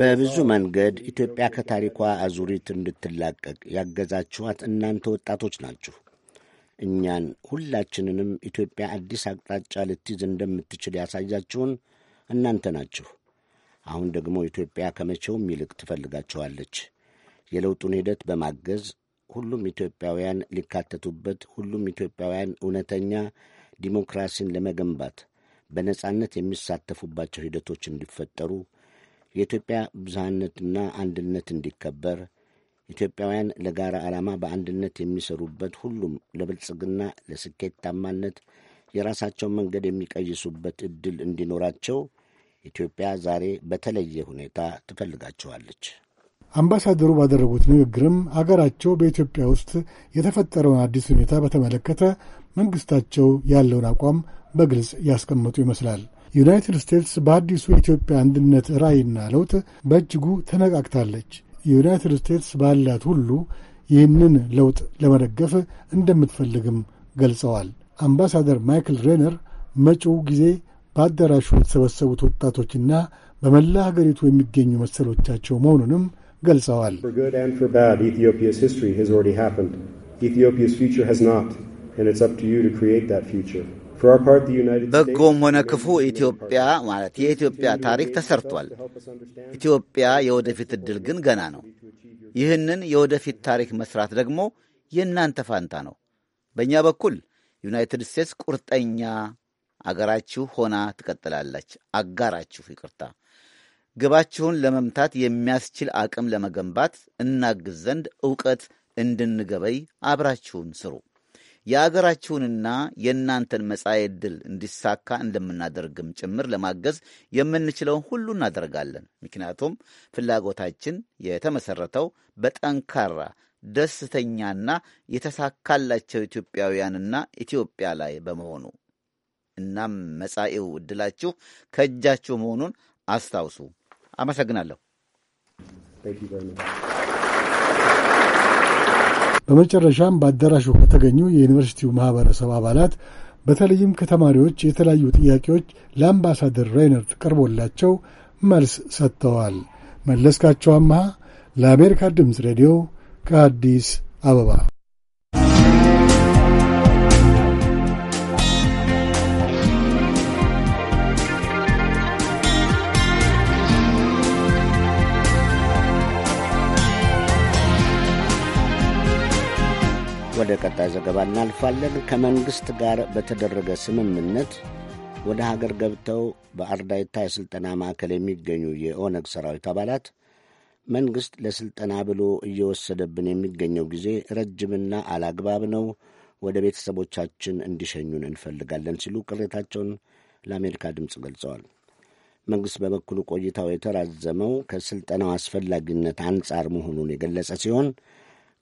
በብዙ መንገድ ኢትዮጵያ ከታሪኳ አዙሪት እንድትላቀቅ ያገዛችኋት እናንተ ወጣቶች ናችሁ። እኛን ሁላችንንም ኢትዮጵያ አዲስ አቅጣጫ ልትይዝ እንደምትችል ያሳያችሁን እናንተ ናችሁ። አሁን ደግሞ ኢትዮጵያ ከመቼውም ይልቅ ትፈልጋችኋለች። የለውጡን ሂደት በማገዝ ሁሉም ኢትዮጵያውያን ሊካተቱበት፣ ሁሉም ኢትዮጵያውያን እውነተኛ ዲሞክራሲን ለመገንባት በነጻነት የሚሳተፉባቸው ሂደቶች እንዲፈጠሩ፣ የኢትዮጵያ ብዝሃነትና አንድነት እንዲከበር ኢትዮጵያውያን ለጋራ ዓላማ በአንድነት የሚሰሩበት ሁሉም ለብልጽግና ለስኬታማነት የራሳቸውን መንገድ የሚቀይሱበት ዕድል እንዲኖራቸው ኢትዮጵያ ዛሬ በተለየ ሁኔታ ትፈልጋቸዋለች። አምባሳደሩ ባደረጉት ንግግርም አገራቸው በኢትዮጵያ ውስጥ የተፈጠረውን አዲስ ሁኔታ በተመለከተ መንግሥታቸው ያለውን አቋም በግልጽ ያስቀመጡ ይመስላል። ዩናይትድ ስቴትስ በአዲሱ የኢትዮጵያ አንድነት ራዕይና ለውጥ በእጅጉ ተነቃቅታለች። የዩናይትድ ስቴትስ ባላት ሁሉ ይህንን ለውጥ ለመደገፍ እንደምትፈልግም ገልጸዋል። አምባሳደር ማይክል ሬነር መጪው ጊዜ በአዳራሹ የተሰበሰቡት ወጣቶችና በመላ ሀገሪቱ የሚገኙ መሰሎቻቸው መሆኑንም ገልጸዋል። ኢትዮጵያስ ፊውቸር ሃዝ ናት ኤንድ ኢትስ አፕ ቱ ዩ ቱ ክሪኤት ዛት ፊውቸር በጎም ሆነ ክፉ ኢትዮጵያ ማለት የኢትዮጵያ ታሪክ ተሰርቷል። ኢትዮጵያ የወደፊት ዕድል ግን ገና ነው። ይህንን የወደፊት ታሪክ መስራት ደግሞ የእናንተ ፋንታ ነው። በእኛ በኩል ዩናይትድ ስቴትስ ቁርጠኛ አገራችሁ ሆና ትቀጥላለች። አጋራችሁ፣ ይቅርታ። ግባችሁን ለመምታት የሚያስችል አቅም ለመገንባት እናግዝ ዘንድ እውቀት እንድንገበይ አብራችሁን ስሩ። የአገራችሁንና የእናንተን መጻኤ ዕድል እንዲሳካ እንደምናደርግም ጭምር ለማገዝ የምንችለውን ሁሉ እናደርጋለን። ምክንያቱም ፍላጎታችን የተመሠረተው በጠንካራ ደስተኛና የተሳካላቸው ኢትዮጵያውያንና ኢትዮጵያ ላይ በመሆኑ እናም መጻኤው ዕድላችሁ ከእጃችሁ መሆኑን አስታውሱ። አመሰግናለሁ። በመጨረሻም በአዳራሹ ከተገኙ የዩኒቨርሲቲው ማህበረሰብ አባላት በተለይም ከተማሪዎች የተለያዩ ጥያቄዎች ለአምባሳደር ሬይነርት ቀርቦላቸው መልስ ሰጥተዋል። መለስካቸው አምሃ ለአሜሪካ ድምፅ ሬዲዮ ከአዲስ አበባ ወደ ቀጣይ ዘገባ እናልፋለን። ከመንግሥት ጋር በተደረገ ስምምነት ወደ ሀገር ገብተው በአርዳይታ የሥልጠና ማዕከል የሚገኙ የኦነግ ሰራዊት አባላት መንግሥት ለሥልጠና ብሎ እየወሰደብን የሚገኘው ጊዜ ረጅምና አላግባብ ነው፣ ወደ ቤተሰቦቻችን እንዲሸኙን እንፈልጋለን ሲሉ ቅሬታቸውን ለአሜሪካ ድምፅ ገልጸዋል። መንግሥት በበኩሉ ቆይታው የተራዘመው ከሥልጠናው አስፈላጊነት አንጻር መሆኑን የገለጸ ሲሆን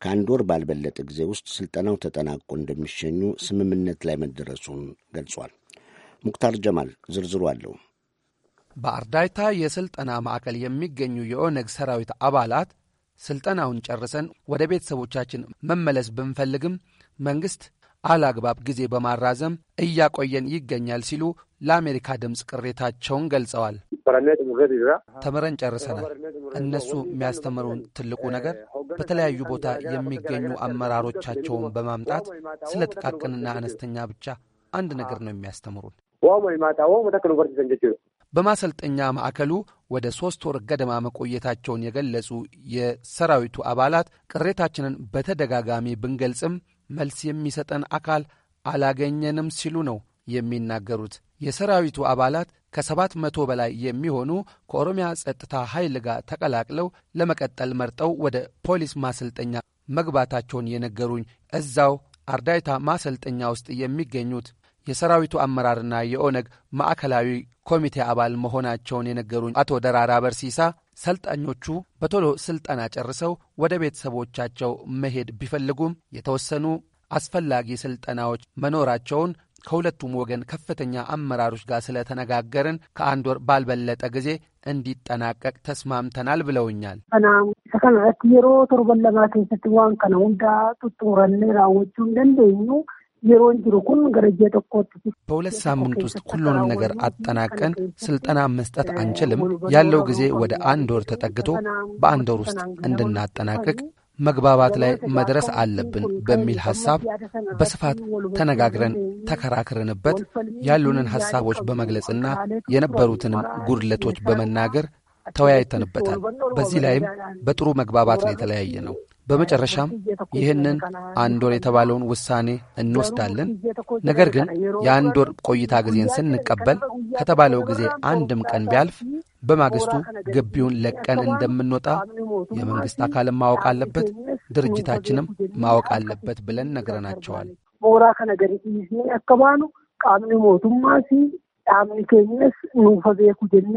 ከአንድ ወር ባልበለጠ ጊዜ ውስጥ ስልጠናው ተጠናቆ እንደሚሸኙ ስምምነት ላይ መደረሱን ገልጿል። ሙክታር ጀማል ዝርዝሩ አለው። በአርዳይታ የስልጠና ማዕከል የሚገኙ የኦነግ ሰራዊት አባላት ስልጠናውን ጨርሰን ወደ ቤተሰቦቻችን መመለስ ብንፈልግም መንግሥት አላግባብ ጊዜ በማራዘም እያቆየን ይገኛል ሲሉ ለአሜሪካ ድምፅ ቅሬታቸውን ገልጸዋል። ተምረን ጨርሰናል። እነሱ የሚያስተምሩን ትልቁ ነገር በተለያዩ ቦታ የሚገኙ አመራሮቻቸውን በማምጣት ስለ ጥቃቅንና አነስተኛ ብቻ አንድ ነገር ነው የሚያስተምሩን። በማሰልጠኛ ማዕከሉ ወደ ሦስት ወር ገደማ መቆየታቸውን የገለጹ የሰራዊቱ አባላት ቅሬታችንን በተደጋጋሚ ብንገልጽም መልስ የሚሰጠን አካል አላገኘንም ሲሉ ነው የሚናገሩት። የሰራዊቱ አባላት ከሰባት መቶ በላይ የሚሆኑ ከኦሮሚያ ጸጥታ ኃይል ጋር ተቀላቅለው ለመቀጠል መርጠው ወደ ፖሊስ ማሰልጠኛ መግባታቸውን የነገሩኝ እዛው አርዳይታ ማሰልጠኛ ውስጥ የሚገኙት የሰራዊቱ አመራርና የኦነግ ማዕከላዊ ኮሚቴ አባል መሆናቸውን የነገሩኝ አቶ ደራራ በርሲሳ ሰልጣኞቹ በቶሎ ሥልጠና ጨርሰው ወደ ቤተሰቦቻቸው መሄድ ቢፈልጉም የተወሰኑ አስፈላጊ ሥልጠናዎች መኖራቸውን ከሁለቱም ወገን ከፍተኛ አመራሮች ጋር ስለተነጋገርን ከአንድ ወር ባልበለጠ ጊዜ እንዲጠናቀቅ ተስማምተናል ብለውኛል። ከናም የሮ ቶርበለማ ከሰት ጡጡረን ራዎቹ እንደንደኙ በሁለት ሳምንት ውስጥ ሁሉንም ነገር አጠናቀን ስልጠና መስጠት አንችልም። ያለው ጊዜ ወደ አንድ ወር ተጠግቶ በአንድ ወር ውስጥ እንድናጠናቅቅ መግባባት ላይ መድረስ አለብን በሚል ሐሳብ በስፋት ተነጋግረን ተከራክረንበት ያሉንን ሐሳቦች በመግለጽና የነበሩትንም ጉድለቶች በመናገር ተወያይተንበታል። በዚህ ላይም በጥሩ መግባባት ነው የተለያየ ነው። በመጨረሻም ይህንን አንድ ወር የተባለውን ውሳኔ እንወስዳለን። ነገር ግን የአንድ ወር ቆይታ ጊዜን ስንቀበል ከተባለው ጊዜ አንድም ቀን ቢያልፍ በማግስቱ ግቢውን ለቀን እንደምንወጣ የመንግሥት አካልም ማወቅ አለበት፣ ድርጅታችንም ማወቅ አለበት ብለን ነግረናቸዋል። ሞራ ከነገር ቃምኒ ሞቱማ ጣዕሙን ከኝስ ኑፈ ቤኩ ጀኔ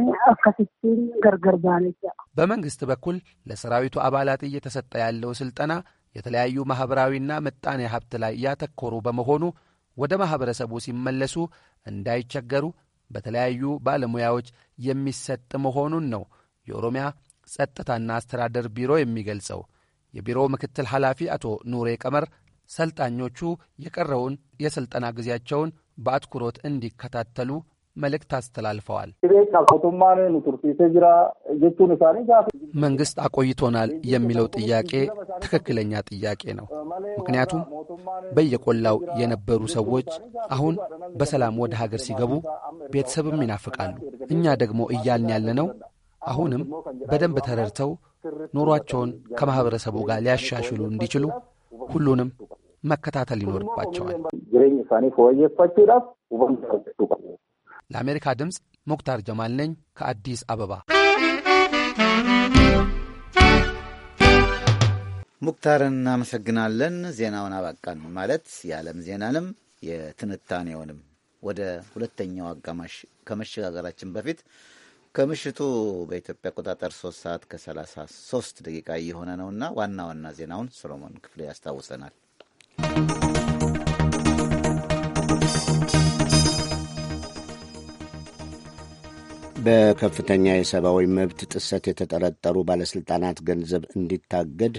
ገርገር በመንግስት በኩል ለሰራዊቱ አባላት እየተሰጠ ያለው ስልጠና የተለያዩ ማኅበራዊና ምጣኔ ሀብት ላይ ያተኮሩ በመሆኑ ወደ ማኅበረሰቡ ሲመለሱ እንዳይቸገሩ በተለያዩ ባለሙያዎች የሚሰጥ መሆኑን ነው የኦሮሚያ ጸጥታና አስተዳደር ቢሮ የሚገልጸው። የቢሮው ምክትል ኃላፊ አቶ ኑሬ ቀመር ሰልጣኞቹ የቀረውን የሥልጠና ጊዜያቸውን በአትኩሮት እንዲከታተሉ መልእክት አስተላልፈዋል። መንግስት አቆይቶናል የሚለው ጥያቄ ትክክለኛ ጥያቄ ነው። ምክንያቱም በየቆላው የነበሩ ሰዎች አሁን በሰላም ወደ ሀገር ሲገቡ ቤተሰብም ይናፍቃሉ። እኛ ደግሞ እያልን ያለነው አሁንም በደንብ ተረድተው ኑሯቸውን ከማኅበረሰቡ ጋር ሊያሻሽሉ እንዲችሉ ሁሉንም መከታተል ይኖርባቸዋል። ለአሜሪካ ድምፅ ሙክታር ጀማል ነኝ ከአዲስ አበባ። ሙክታር እናመሰግናለን። ዜናውን አባቃን ማለት የዓለም ዜናንም የትንታኔውንም ወደ ሁለተኛው አጋማሽ ከመሸጋገራችን በፊት ከምሽቱ በኢትዮጵያ አቆጣጠር 3 ሰዓት ከ33 ደቂቃ እየሆነ ነውና ዋና ዋና ዜናውን ሰሎሞን ክፍሌ ያስታውሰናል። በከፍተኛ የሰብአዊ መብት ጥሰት የተጠረጠሩ ባለሥልጣናት ገንዘብ እንዲታገድ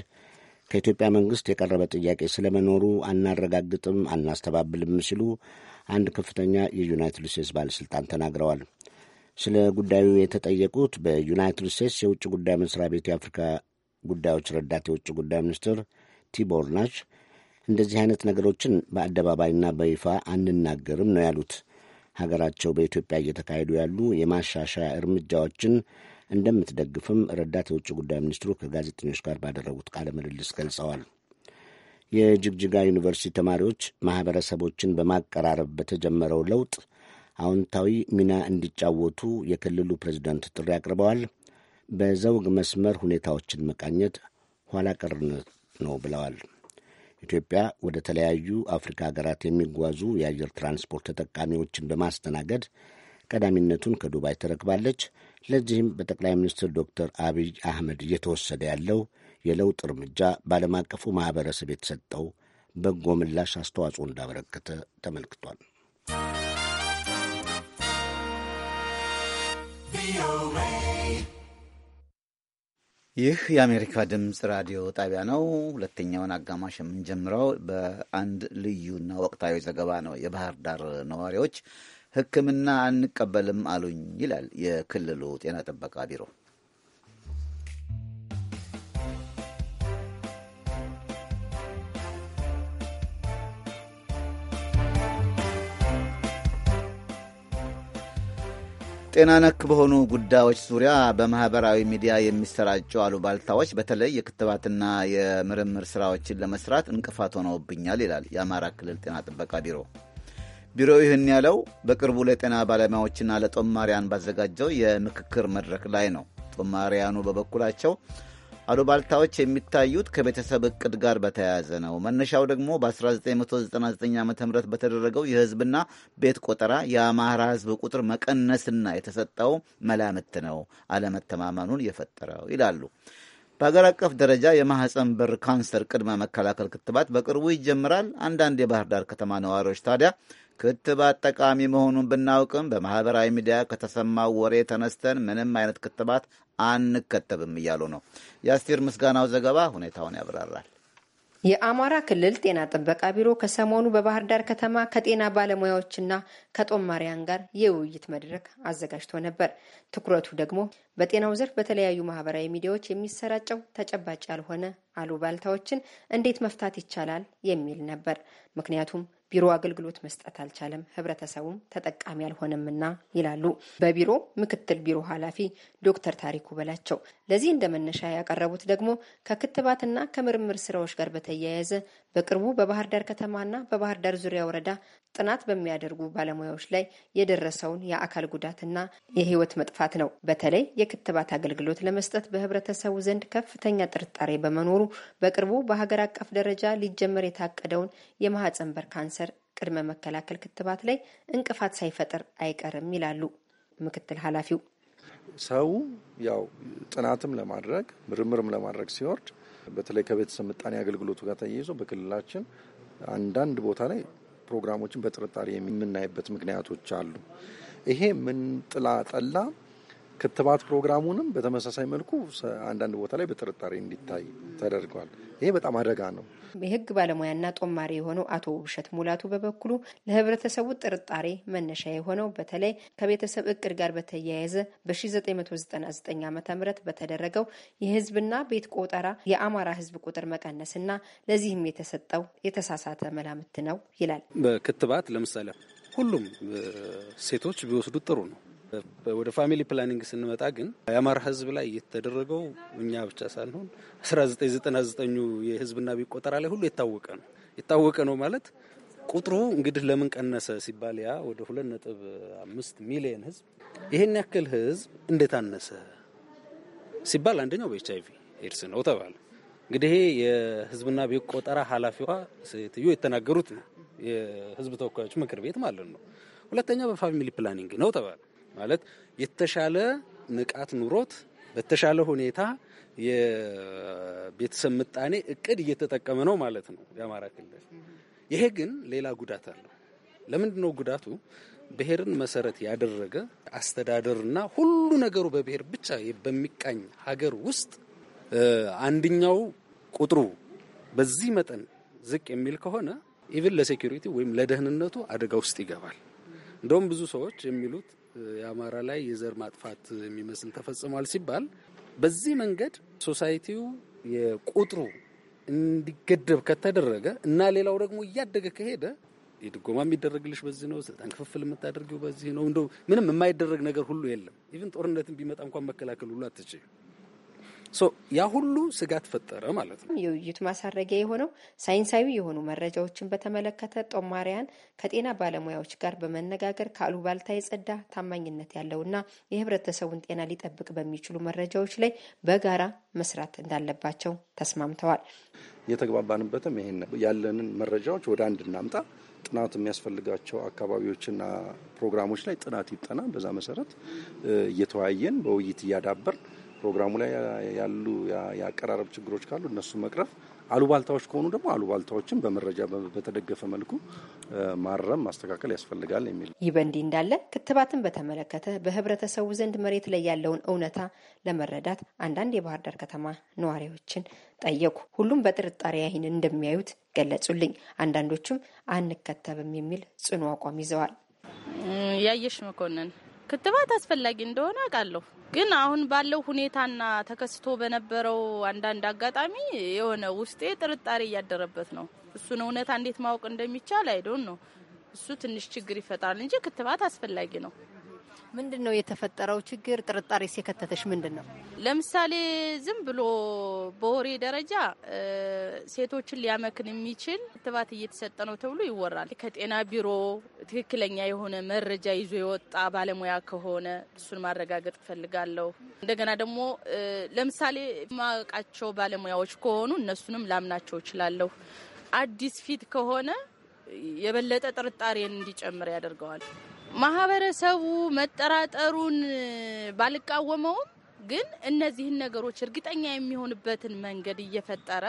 ከኢትዮጵያ መንግሥት የቀረበ ጥያቄ ስለመኖሩ አናረጋግጥም፣ አናስተባብልም ሲሉ አንድ ከፍተኛ የዩናይትድ ስቴትስ ባለሥልጣን ተናግረዋል። ስለ ጉዳዩ የተጠየቁት በዩናይትድ ስቴትስ የውጭ ጉዳይ መሥሪያ ቤት የአፍሪካ ጉዳዮች ረዳት የውጭ ጉዳይ ሚኒስትር ቲቦር ናች እንደዚህ አይነት ነገሮችን በአደባባይና በይፋ አንናገርም ነው ያሉት። ሀገራቸው በኢትዮጵያ እየተካሄዱ ያሉ የማሻሻያ እርምጃዎችን እንደምትደግፍም ረዳት የውጭ ጉዳይ ሚኒስትሩ ከጋዜጠኞች ጋር ባደረጉት ቃለ ምልልስ ገልጸዋል። የጅግጅጋ ዩኒቨርሲቲ ተማሪዎች ማኅበረሰቦችን በማቀራረብ በተጀመረው ለውጥ አዎንታዊ ሚና እንዲጫወቱ የክልሉ ፕሬዚዳንት ጥሪ አቅርበዋል። በዘውግ መስመር ሁኔታዎችን መቃኘት ኋላ ቀርነት ነው ብለዋል። ኢትዮጵያ ወደ ተለያዩ አፍሪካ ሀገራት የሚጓዙ የአየር ትራንስፖርት ተጠቃሚዎችን በማስተናገድ ቀዳሚነቱን ከዱባይ ተረክባለች። ለዚህም በጠቅላይ ሚኒስትር ዶክተር አብይ አህመድ እየተወሰደ ያለው የለውጥ እርምጃ በዓለም አቀፉ ማኅበረሰብ የተሰጠው በጎ ምላሽ አስተዋጽኦ እንዳበረከተ ተመልክቷል። ቪኦኤ ይህ የአሜሪካ ድምፅ ራዲዮ ጣቢያ ነው። ሁለተኛውን አጋማሽ የምንጀምረው በአንድ ልዩና ወቅታዊ ዘገባ ነው። የባህር ዳር ነዋሪዎች ሕክምና አንቀበልም አሉኝ ይላል የክልሉ ጤና ጥበቃ ቢሮ። ጤና ነክ በሆኑ ጉዳዮች ዙሪያ በማህበራዊ ሚዲያ የሚሰራጩ አሉባልታዎች በተለይ የክትባትና የምርምር ስራዎችን ለመስራት እንቅፋት ሆነውብኛል ይላል የአማራ ክልል ጤና ጥበቃ ቢሮ። ቢሮው ይህን ያለው በቅርቡ ለጤና ባለሙያዎችና ለጦማሪያን ባዘጋጀው የምክክር መድረክ ላይ ነው። ጦማሪያኑ በበኩላቸው አሉባልታዎች የሚታዩት ከቤተሰብ እቅድ ጋር በተያያዘ ነው። መነሻው ደግሞ በ1999 ዓ ም በተደረገው የህዝብና ቤት ቆጠራ የአማራ ህዝብ ቁጥር መቀነስና የተሰጠው መላምት ነው አለመተማመኑን የፈጠረው ይላሉ። በሀገር አቀፍ ደረጃ የማህፀን በር ካንሰር ቅድመ መከላከል ክትባት በቅርቡ ይጀምራል። አንዳንድ የባህር ዳር ከተማ ነዋሪዎች ታዲያ ክትባት ጠቃሚ መሆኑን ብናውቅም በማህበራዊ ሚዲያ ከተሰማው ወሬ ተነስተን ምንም አይነት ክትባት አንከተብም እያሉ ነው። የአስቴር ምስጋናው ዘገባ ሁኔታውን ያብራራል። የአማራ ክልል ጤና ጥበቃ ቢሮ ከሰሞኑ በባህር ዳር ከተማ ከጤና ባለሙያዎችና ከጦማሪያን ጋር የውይይት መድረክ አዘጋጅቶ ነበር። ትኩረቱ ደግሞ በጤናው ዘርፍ በተለያዩ ማህበራዊ ሚዲያዎች የሚሰራጨው ተጨባጭ ያልሆነ አሉባልታዎችን እንዴት መፍታት ይቻላል የሚል ነበር። ምክንያቱም ቢሮ አገልግሎት መስጠት አልቻለም፣ ህብረተሰቡም ተጠቃሚ አልሆነምና ይላሉ በቢሮ ምክትል ቢሮ ኃላፊ ዶክተር ታሪኩ በላቸው። ለዚህ እንደ መነሻ ያቀረቡት ደግሞ ከክትባትና ከምርምር ስራዎች ጋር በተያያዘ በቅርቡ በባህር ዳር ከተማና በባህር ዳር ዙሪያ ወረዳ ጥናት በሚያደርጉ ባለሙያዎች ላይ የደረሰውን የአካል ጉዳትና የህይወት መጥፋት ነው። በተለይ የክትባት አገልግሎት ለመስጠት በህብረተሰቡ ዘንድ ከፍተኛ ጥርጣሬ በመኖሩ በቅርቡ በሀገር አቀፍ ደረጃ ሊጀመር የታቀደውን የማህፀን በር ካንሰር ቅድመ መከላከል ክትባት ላይ እንቅፋት ሳይፈጥር አይቀርም ይላሉ ምክትል ኃላፊው። ሰው ያው ጥናትም ለማድረግ ምርምርም ለማድረግ ሲወርድ በተለይ ከቤተሰብ ምጣኔ አገልግሎቱ ጋር ተያይዞ በክልላችን አንዳንድ ቦታ ላይ ፕሮግራሞችን በጥርጣሬ የምናይበት ምክንያቶች አሉ። ይሄ ምን ጥላ ጠላ ክትባት ፕሮግራሙንም በተመሳሳይ መልኩ አንዳንድ ቦታ ላይ በጥርጣሬ እንዲታይ ተደርጓል። ይሄ በጣም አደጋ ነው። የህግ ባለሙያና ጦማሪ የሆነው አቶ ውብሸት ሙላቱ በበኩሉ ለህብረተሰቡ ጥርጣሬ መነሻ የሆነው በተለይ ከቤተሰብ እቅድ ጋር በተያያዘ በ1999 ዓ ም በተደረገው የህዝብና ቤት ቆጠራ የአማራ ህዝብ ቁጥር መቀነስና ለዚህም የተሰጠው የተሳሳተ መላምት ነው ይላል። በክትባት ለምሳሌ ሁሉም ሴቶች ቢወስዱ ጥሩ ነው። ወደ ፋሚሊ ፕላኒንግ ስንመጣ ግን የአማራ ህዝብ ላይ የተደረገው እኛ ብቻ ሳንሆን 1999 የህዝብና ቢቆጠራ ቤት ቆጠራ ላይ ሁሉ የታወቀ ነው። የታወቀ ነው ማለት ቁጥሩ እንግዲህ ለምን ቀነሰ ሲባል ያ ወደ 2.5 ሚሊየን ህዝብ ይሄን ያክል ህዝብ እንዴት አነሰ ሲባል አንደኛው በኤች አይቪ ኤድስ ነው ተባለ። እንግዲህ ይሄ የህዝብና ቤት ቆጠራ ኃላፊዋ ሴትዮ የተናገሩት ነው፣ የህዝብ ተወካዮች ምክር ቤት ማለት ነው። ሁለተኛ በፋሚሊ ፕላኒንግ ነው ተባለ። ማለት የተሻለ ንቃት ኑሮት በተሻለ ሁኔታ የቤተሰብ ምጣኔ እቅድ እየተጠቀመ ነው ማለት ነው የአማራ ክልል። ይሄ ግን ሌላ ጉዳት አለው። ለምንድን ነው ጉዳቱ? ብሔርን መሰረት ያደረገ አስተዳደርና ሁሉ ነገሩ በብሔር ብቻ በሚቃኝ ሀገር ውስጥ አንድኛው ቁጥሩ በዚህ መጠን ዝቅ የሚል ከሆነ ኢቭን ለሴኩሪቲ ወይም ለደህንነቱ አደጋ ውስጥ ይገባል። እንደውም ብዙ ሰዎች የሚሉት የአማራ ላይ የዘር ማጥፋት የሚመስል ተፈጽሟል ሲባል በዚህ መንገድ ሶሳይቲው የቁጥሩ እንዲገደብ ከተደረገ እና ሌላው ደግሞ እያደገ ከሄደ የድጎማ የሚደረግልሽ በዚህ ነው፣ ስልጣን ክፍፍል የምታደርጊው በዚህ ነው። እንደው ምንም የማይደረግ ነገር ሁሉ የለም። ኢቭን ጦርነትን ቢመጣ እንኳን መከላከል ሁሉ አትችይም። ያ ሁሉ ስጋት ፈጠረ ማለት ነው። የውይይቱ ማሳረጊያ የሆነው ሳይንሳዊ የሆኑ መረጃዎችን በተመለከተ ጦማሪያን ከጤና ባለሙያዎች ጋር በመነጋገር ከአሉባልታ የጸዳ ታማኝነት ያለውና የህብረተሰቡን ጤና ሊጠብቅ በሚችሉ መረጃዎች ላይ በጋራ መስራት እንዳለባቸው ተስማምተዋል። የተግባባንበትም ይህ ያለንን መረጃዎች ወደ አንድ እናምጣ፣ ጥናት የሚያስፈልጋቸው አካባቢዎችና ፕሮግራሞች ላይ ጥናት ይጠና፣ በዛ መሰረት እየተወያየን በውይይት እያዳበርን ፕሮግራሙ ላይ ያሉ የአቀራረብ ችግሮች ካሉ እነሱ መቅረፍ፣ አሉባልታዎች ከሆኑ ደግሞ አሉባልታዎችን በመረጃ በተደገፈ መልኩ ማረም፣ ማስተካከል ያስፈልጋል የሚል ይህ በእንዲህ እንዳለ ክትባትን በተመለከተ በህብረተሰቡ ዘንድ መሬት ላይ ያለውን እውነታ ለመረዳት አንዳንድ የባህር ዳር ከተማ ነዋሪዎችን ጠየቁ። ሁሉም በጥርጣሬ አይን እንደሚያዩት ገለጹልኝ። አንዳንዶቹም አንከተብም የሚል ጽኑ አቋም ይዘዋል። ያየሽ መኮንን ክትባት አስፈላጊ እንደሆነ አውቃለሁ። ግን አሁን ባለው ሁኔታና ተከስቶ በነበረው አንዳንድ አጋጣሚ የሆነ ውስጤ ጥርጣሬ እያደረበት ነው። እሱን እውነታ እንዴት ማወቅ እንደሚቻል አይዶን ነው። እሱ ትንሽ ችግር ይፈጥራል እንጂ ክትባት አስፈላጊ ነው። ምንድን ነው የተፈጠረው ችግር? ጥርጣሬ ሲከተተሽ ምንድን ነው? ለምሳሌ ዝም ብሎ በወሬ ደረጃ ሴቶችን ሊያመክን የሚችል ክትባት እየተሰጠ ነው ተብሎ ይወራል። ከጤና ቢሮ ትክክለኛ የሆነ መረጃ ይዞ የወጣ ባለሙያ ከሆነ እሱን ማረጋገጥ እፈልጋለሁ። እንደገና ደግሞ ለምሳሌ ማወቃቸው ባለሙያዎች ከሆኑ እነሱንም ላምናቸው እችላለሁ። አዲስ ፊት ከሆነ የበለጠ ጥርጣሬን እንዲጨምር ያደርገዋል። ማህበረሰቡ መጠራጠሩን ባልቃወመውም ግን እነዚህን ነገሮች እርግጠኛ የሚሆንበትን መንገድ እየፈጠረ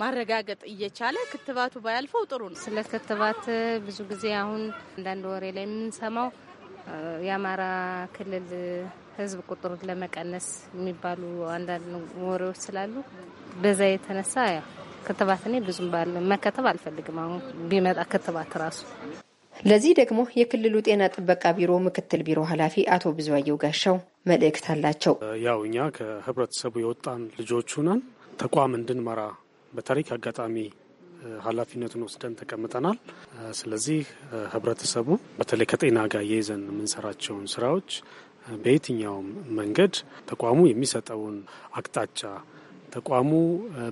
ማረጋገጥ እየቻለ ክትባቱ ባያልፈው ጥሩ ነው። ስለ ክትባት ብዙ ጊዜ አሁን አንዳንድ ወሬ ላይ የምንሰማው የአማራ ክልል ህዝብ ቁጥር ለመቀነስ የሚባሉ አንዳንድ ወሬዎች ስላሉ በዛ የተነሳ ክትባት እኔ ብዙም መከተብ አልፈልግም። አሁን ቢመጣ ክትባት ራሱ ለዚህ ደግሞ የክልሉ ጤና ጥበቃ ቢሮ ምክትል ቢሮ ኃላፊ አቶ ብዙአየው ጋሻው መልእክት አላቸው። ያው እኛ ከህብረተሰቡ የወጣን ልጆቹ ነን። ተቋም እንድንመራ በታሪክ አጋጣሚ ኃላፊነቱን ወስደን ተቀምጠናል። ስለዚህ ህብረተሰቡ በተለይ ከጤና ጋር የይዘን የምንሰራቸውን ስራዎች በየትኛውም መንገድ ተቋሙ የሚሰጠውን አቅጣጫ ተቋሙ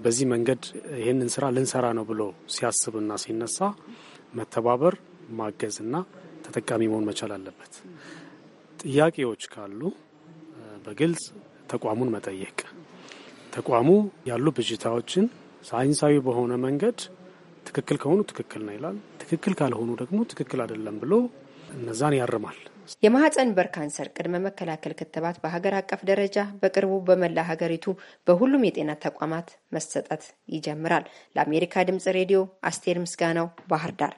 በዚህ መንገድ ይህንን ስራ ልንሰራ ነው ብሎ ሲያስብና ሲነሳ መተባበር ማገዝ እና ተጠቃሚ መሆን መቻል አለበት። ጥያቄዎች ካሉ በግልጽ ተቋሙን መጠየቅ፣ ተቋሙ ያሉ ብዥታዎችን ሳይንሳዊ በሆነ መንገድ ትክክል ከሆኑ ትክክል ነው ይላል፣ ትክክል ካልሆኑ ደግሞ ትክክል አይደለም ብሎ እነዛን ያርማል። የማህፀን በር ካንሰር ቅድመ መከላከል ክትባት በሀገር አቀፍ ደረጃ በቅርቡ በመላ ሀገሪቱ በሁሉም የጤና ተቋማት መሰጠት ይጀምራል። ለአሜሪካ ድምጽ ሬዲዮ አስቴር ምስጋናው ባህር ዳር።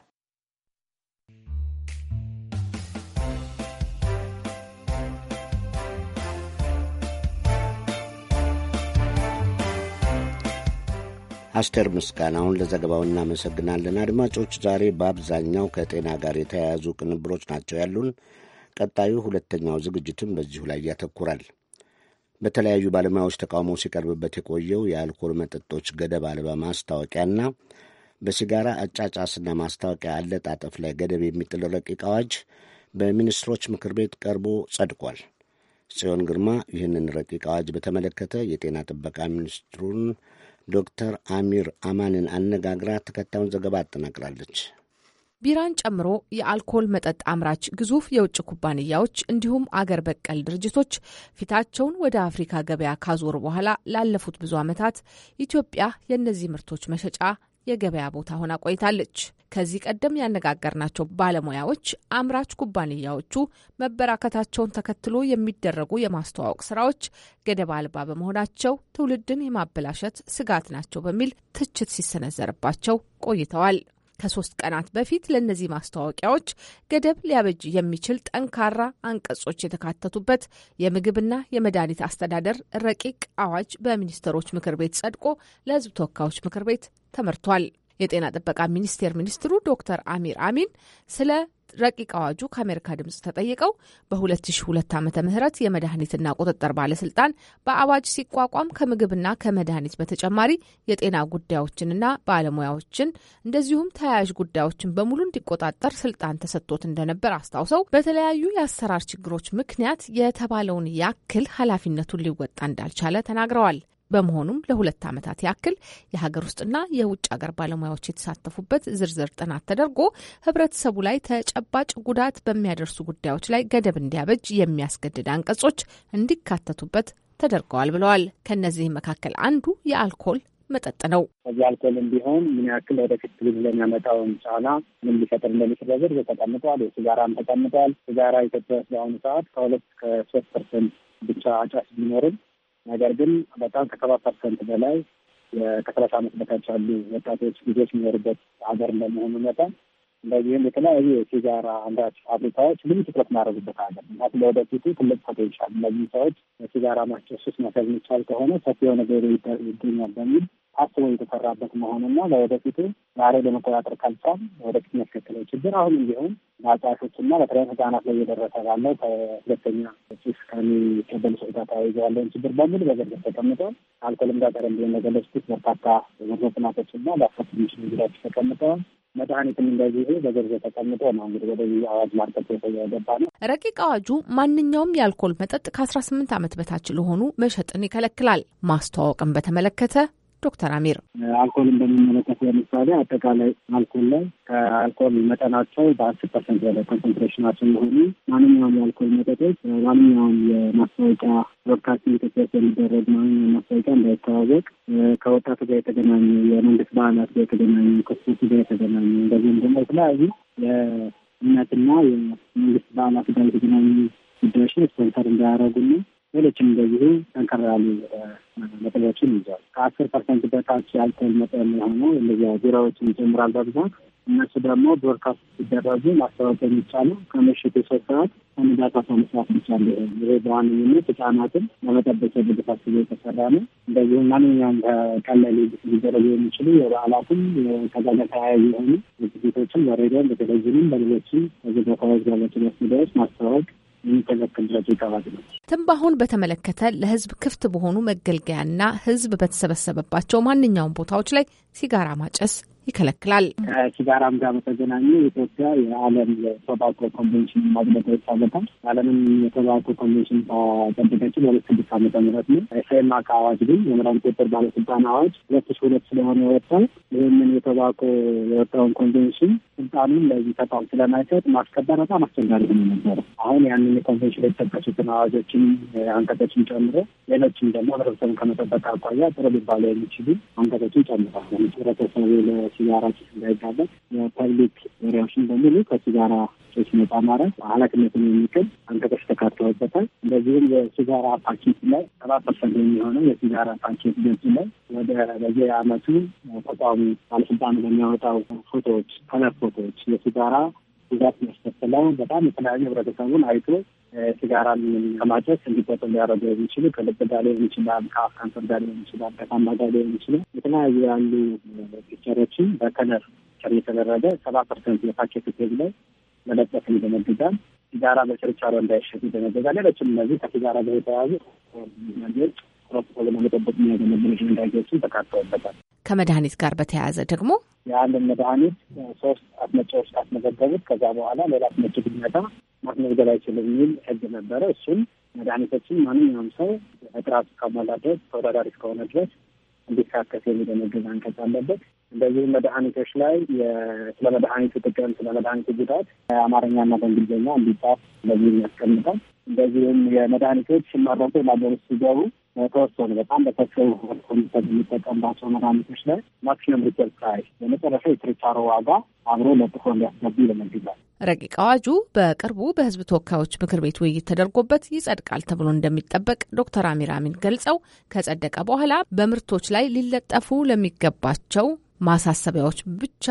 አስቴር ምስጋናውን ለዘገባው እናመሰግናለን። አድማጮች፣ ዛሬ በአብዛኛው ከጤና ጋር የተያያዙ ቅንብሮች ናቸው ያሉን። ቀጣዩ ሁለተኛው ዝግጅትም በዚሁ ላይ ያተኩራል። በተለያዩ ባለሙያዎች ተቃውሞ ሲቀርብበት የቆየው የአልኮል መጠጦች ገደብ አልባ ማስታወቂያና በሲጋራ አጫጫስና ማስታወቂያ አለጣጠፍ ላይ ገደብ የሚጥል ረቂቅ አዋጅ በሚኒስትሮች ምክር ቤት ቀርቦ ጸድቋል። ጽዮን ግርማ ይህንን ረቂቅ አዋጅ በተመለከተ የጤና ጥበቃ ሚኒስትሩን ዶክተር አሚር አማንን አነጋግራ ተከታዩን ዘገባ አጠናቅራለች። ቢራን ጨምሮ የአልኮል መጠጥ አምራች ግዙፍ የውጭ ኩባንያዎች እንዲሁም አገር በቀል ድርጅቶች ፊታቸውን ወደ አፍሪካ ገበያ ካዞሩ በኋላ ላለፉት ብዙ ዓመታት ኢትዮጵያ የእነዚህ ምርቶች መሸጫ የገበያ ቦታ ሆና ቆይታለች። ከዚህ ቀደም ያነጋገርናቸው ባለሙያዎች አምራች ኩባንያዎቹ መበራከታቸውን ተከትሎ የሚደረጉ የማስተዋወቅ ስራዎች ገደብ አልባ በመሆናቸው ትውልድን የማበላሸት ስጋት ናቸው በሚል ትችት ሲሰነዘርባቸው ቆይተዋል። ከሶስት ቀናት በፊት ለእነዚህ ማስታወቂያዎች ገደብ ሊያበጅ የሚችል ጠንካራ አንቀጾች የተካተቱበት የምግብና የመድኃኒት አስተዳደር ረቂቅ አዋጅ በሚኒስትሮች ምክር ቤት ጸድቆ ለሕዝብ ተወካዮች ምክር ቤት ተመርቷል። የጤና ጥበቃ ሚኒስቴር ሚኒስትሩ ዶክተር አሚር አሚን ስለ ረቂቅ አዋጁ ከአሜሪካ ድምጽ ተጠይቀው በ2002 ዓ ም የመድኃኒትና ቁጥጥር ባለስልጣን በአዋጅ ሲቋቋም ከምግብና ከመድኃኒት በተጨማሪ የጤና ጉዳዮችንና ባለሙያዎችን እንደዚሁም ተያያዥ ጉዳዮችን በሙሉ እንዲቆጣጠር ስልጣን ተሰጥቶት እንደነበር አስታውሰው በተለያዩ የአሰራር ችግሮች ምክንያት የተባለውን ያክል ኃላፊነቱን ሊወጣ እንዳልቻለ ተናግረዋል። በመሆኑም ለሁለት ዓመታት ያክል የሀገር ውስጥና የውጭ ሀገር ባለሙያዎች የተሳተፉበት ዝርዝር ጥናት ተደርጎ ህብረተሰቡ ላይ ተጨባጭ ጉዳት በሚያደርሱ ጉዳዮች ላይ ገደብ እንዲያበጅ የሚያስገድድ አንቀጾች እንዲካተቱበት ተደርገዋል ብለዋል። ከእነዚህ መካከል አንዱ የአልኮል መጠጥ ነው። ከዚህ አልኮልም ቢሆን ምን ያክል ወደፊት ብዙ የሚያመጣውን ጫና ምን ሊፈጥር እንደሚችል በዝርዝር ተቀምጠዋል። የሲጋራም ተቀምጠዋል። ሲጋራ ኢትዮጵያ ውስጥ በአሁኑ ሰዓት ከሁለት ከሶስት ፐርሰንት ብቻ አጫሽ ቢኖርም ነገር ግን በጣም ከሰባ ፐርሰንት በላይ ከሰላሳ ዓመት በታች ያሉ ወጣቶች ልጆች የሚኖሩበት ሀገር እንደመሆኑ መጠን እንደዚህም የተለያዩ የሲጋራ አምራች ፋብሪካዎች ልዩ ትኩረት ማድረጉበት ሀገር ምክንያቱም ለወደፊቱ ትልቅ ፖቴንሻል እነዚህ ሰዎች የሲጋራ ማስጨሱስ መሰል የሚቻል ከሆነ ሰፊ የሆነ ገቢ ይገኛል በሚል አስቦ የተሰራበት መሆኑና ለወደፊቱ ዛሬ ለመቆጣጠር ካልቻል ወደፊት የሚያስከትለው ችግር አሁን እንዲሁም ቢሆን በአጣሾችና በተለያዩ ህጻናት ላይ እየደረሰ ባለው ከሁለተኛ ሱስ ከሚቀበሉ ሰዎች ጋር ተያይዞ ያለውን ችግር በሙሉ በዝርዝር ተቀምጠው አልኮልም ጋር ቀደም ብዬ እንደገለጽኩት በርካታ የምርመራ ጥናቶችና ሊያስከትሉ ሚሽ ጉዳቶች ተቀምጠዋል። መድኃኒትም እንደዚህ በዝርዝር ተቀምጦ ነው እንግዲህ ወደዚህ አዋጅ ማርቀቅ የገባ ነው። ረቂቅ አዋጁ ማንኛውም የአልኮል መጠጥ ከአስራ ስምንት ዓመት በታች ለሆኑ መሸጥን ይከለክላል። ማስተዋወቅን በተመለከተ ዶክተር አሚር አልኮልን በሚመለከት ለምሳሌ አጠቃላይ አልኮል ላይ ከአልኮል መጠናቸው በአስር ፐርሰንት በላይ ኮንሰንትሬሽናቸው መሆኑ ማንኛውም የአልኮል መጠጦች ማንኛውም የማስታወቂያ ብሮድካስቲንግ ኢትዮጵያ የሚደረግ ማንኛውም ማስታወቂያ እንዳይተዋወቅ ከወጣቱ ጋር የተገናኙ የመንግስት በዓላት ጋር የተገናኙ ከስፖርቱ ጋር የተገናኙ እንደዚህም ደግሞ የተለያዩ የእምነትና የመንግስት በዓላት ጋር የተገናኙ ጉዳዮች ስፖንሰር እንዳያደረጉና ሌሎችም እንደዚሁ ጠንከር ያሉ መጠለያዎችን ይዟል። ከአስር ፐርሰንት በታች የአልኮል መጠን የሆነ እነዚያ ቢራዎችን ይጀምራል በብዛት እነሱ ደግሞ ብሮድካስት ሲደረጉ ማስታወቂያ የሚቻሉ ከምሽቱ ሶስት ሰዓት ከንጋቱ አስራ አምስት ሰዓት ይቻሉ። ይሄ በዋነኝነት ህጻናትን ለመጠበቅ የግድ ታስቦ የተሰራ ነው። እንደዚሁም ማንኛውም ከቀላል ግስ ሊደረጉ የሚችሉ የበዓላትም ከዛ ጋር ተያያዥ የሆኑ ዝግጅቶችን በሬዲዮም በቴሌቪዥንም በሌሎችም ከዚህ ተካዋጅ ያለችን መስደዎች ማስታወቅ የሚከለክልበት የተባለ ነው። ትንባሆን በተመለከተ ለህዝብ ክፍት በሆኑ መገልገያና ህዝብ በተሰበሰበባቸው ማንኛውም ቦታዎች ላይ ሲጋራ ማጨስ ይከለክላል። ከሲጋራም ጋር በተገናኘ ኢትዮጵያ የዓለም የቶባኮ ኮንቬንሽን ማግለጫ አመታል ዓለምን የቶባኮ ኮንቬንሽን ባጸደቀችው በሁለት ስድስት ዓመተ ምህረት ነው። ኤማክ አዋጅ ግን የምራን ቁጥር ባለስልጣን አዋጅ ሁለት ሺ ሁለት ስለሆነ የወጣው ይህንን የቶባኮ የወጣውን ኮንቬንሽን ስልጣኑን ለዚህ ተቋም ስለማይሰጥ ማስከበር በጣም አስቸጋሪ ሆነ ነበረ። አሁን ያንን የኮንቬንሽን የተጠቀሱትን አዋጆችን አንቀጦችን ጨምሮ ሌሎችም ደግሞ ህብረተሰቡን ከመጠበቅ አኳያ ጥሩ ሊባሉ የሚችሉ አንቀጾችን ጨምሯል። ህብረተሰቡ ከሲጋራ ጭስ እንዳይጋለጥ የፐብሊክ ኤሪያዎችን በሙሉ ከሲጋራ ጭስ ነጻ ማድረግ ኃላፊነትን የሚችል አንቀጾች ተካተውበታል። እንደዚሁም የሲጋራ ፓኬት ላይ ሰባ ፐርሰንት የሚሆነው የሲጋራ ፓኬት ገጽ ላይ ወደ በየዓመቱ ተቋሙ ባለስልጣኑ በሚያወጣው ፎቶዎች፣ ከለር ፎቶዎች የሲጋራ ጉዳት የሚያስከትለው በጣም የተለያዩ ህብረተሰቡን አይቶ ሲጋራን ከማጨስ እንዲቆጠቡ ሊያደረገ የሚችሉ ከልብ ጋር ሊሆን ይችላል፣ ከአፍ ካንሰር ጋር ሊሆን ይችላል፣ ከሳምባ ጋር ሊሆን ይችላል። የተለያዩ ያሉ ፒክቸሮችን በከለር ቸር የተደረገ ሰባ ፐርሰንት የፓኬት ቴግ ላይ መለጠፍ ይደነግጋል። ሲጋራ በችርቻሮ እንዳይሸጥ ይደነግጋል። ሌሎችም እነዚህ ከሲጋራ ጋር የተያዙ ነገሮች ፕሮቶኮል ለመጠበቅ የሚያገለግሉ ድንጋጌዎችን ተካተውበታል። ከመድኃኒት ጋር በተያያዘ ደግሞ የአንድን መድኃኒት ሶስት አስመጫዎች ካስመዘገቡት ከዛ በኋላ ሌላ አስመጭ ቢመጣ ማስመዝገብ አይችልም የሚል ህግ ነበረ። እሱም መድኃኒቶችን ማንኛውም ሰው እጥራት እስካሟላ ድረስ ተወዳዳሪ እስከሆነ ድረስ እንዲካከስ የሚደነግግ አንቀጽ አለበት። እንደዚሁም መድኃኒቶች ላይ ስለ መድኃኒቱ ጥቅም፣ ስለ መድኃኒቱ ጉዳት በአማርኛና በእንግሊዝኛ እንዲጻፍ እንደዚህ ያስቀምጣል። እንደዚሁም የመድኃኒቶች መረቶ ላገሩ ሲገቡ ተወሰኑ በጣም በሰፊው ኮሚሰብ የሚጠቀምባቸው መድኃኒቶች ላይ ማክሲመም ሪቴል ፕራይስ የመጨረሻ የችርቻሮ ዋጋ አብሮ ለጥፎ እንዲያስገቡ ይለመግባል። ረቂቅ አዋጁ በቅርቡ በህዝብ ተወካዮች ምክር ቤት ውይይት ተደርጎበት ይጸድቃል ተብሎ እንደሚጠበቅ ዶክተር አሚር አሚን ገልጸው ከጸደቀ በኋላ በምርቶች ላይ ሊለጠፉ ለሚገባቸው ማሳሰቢያዎች ብቻ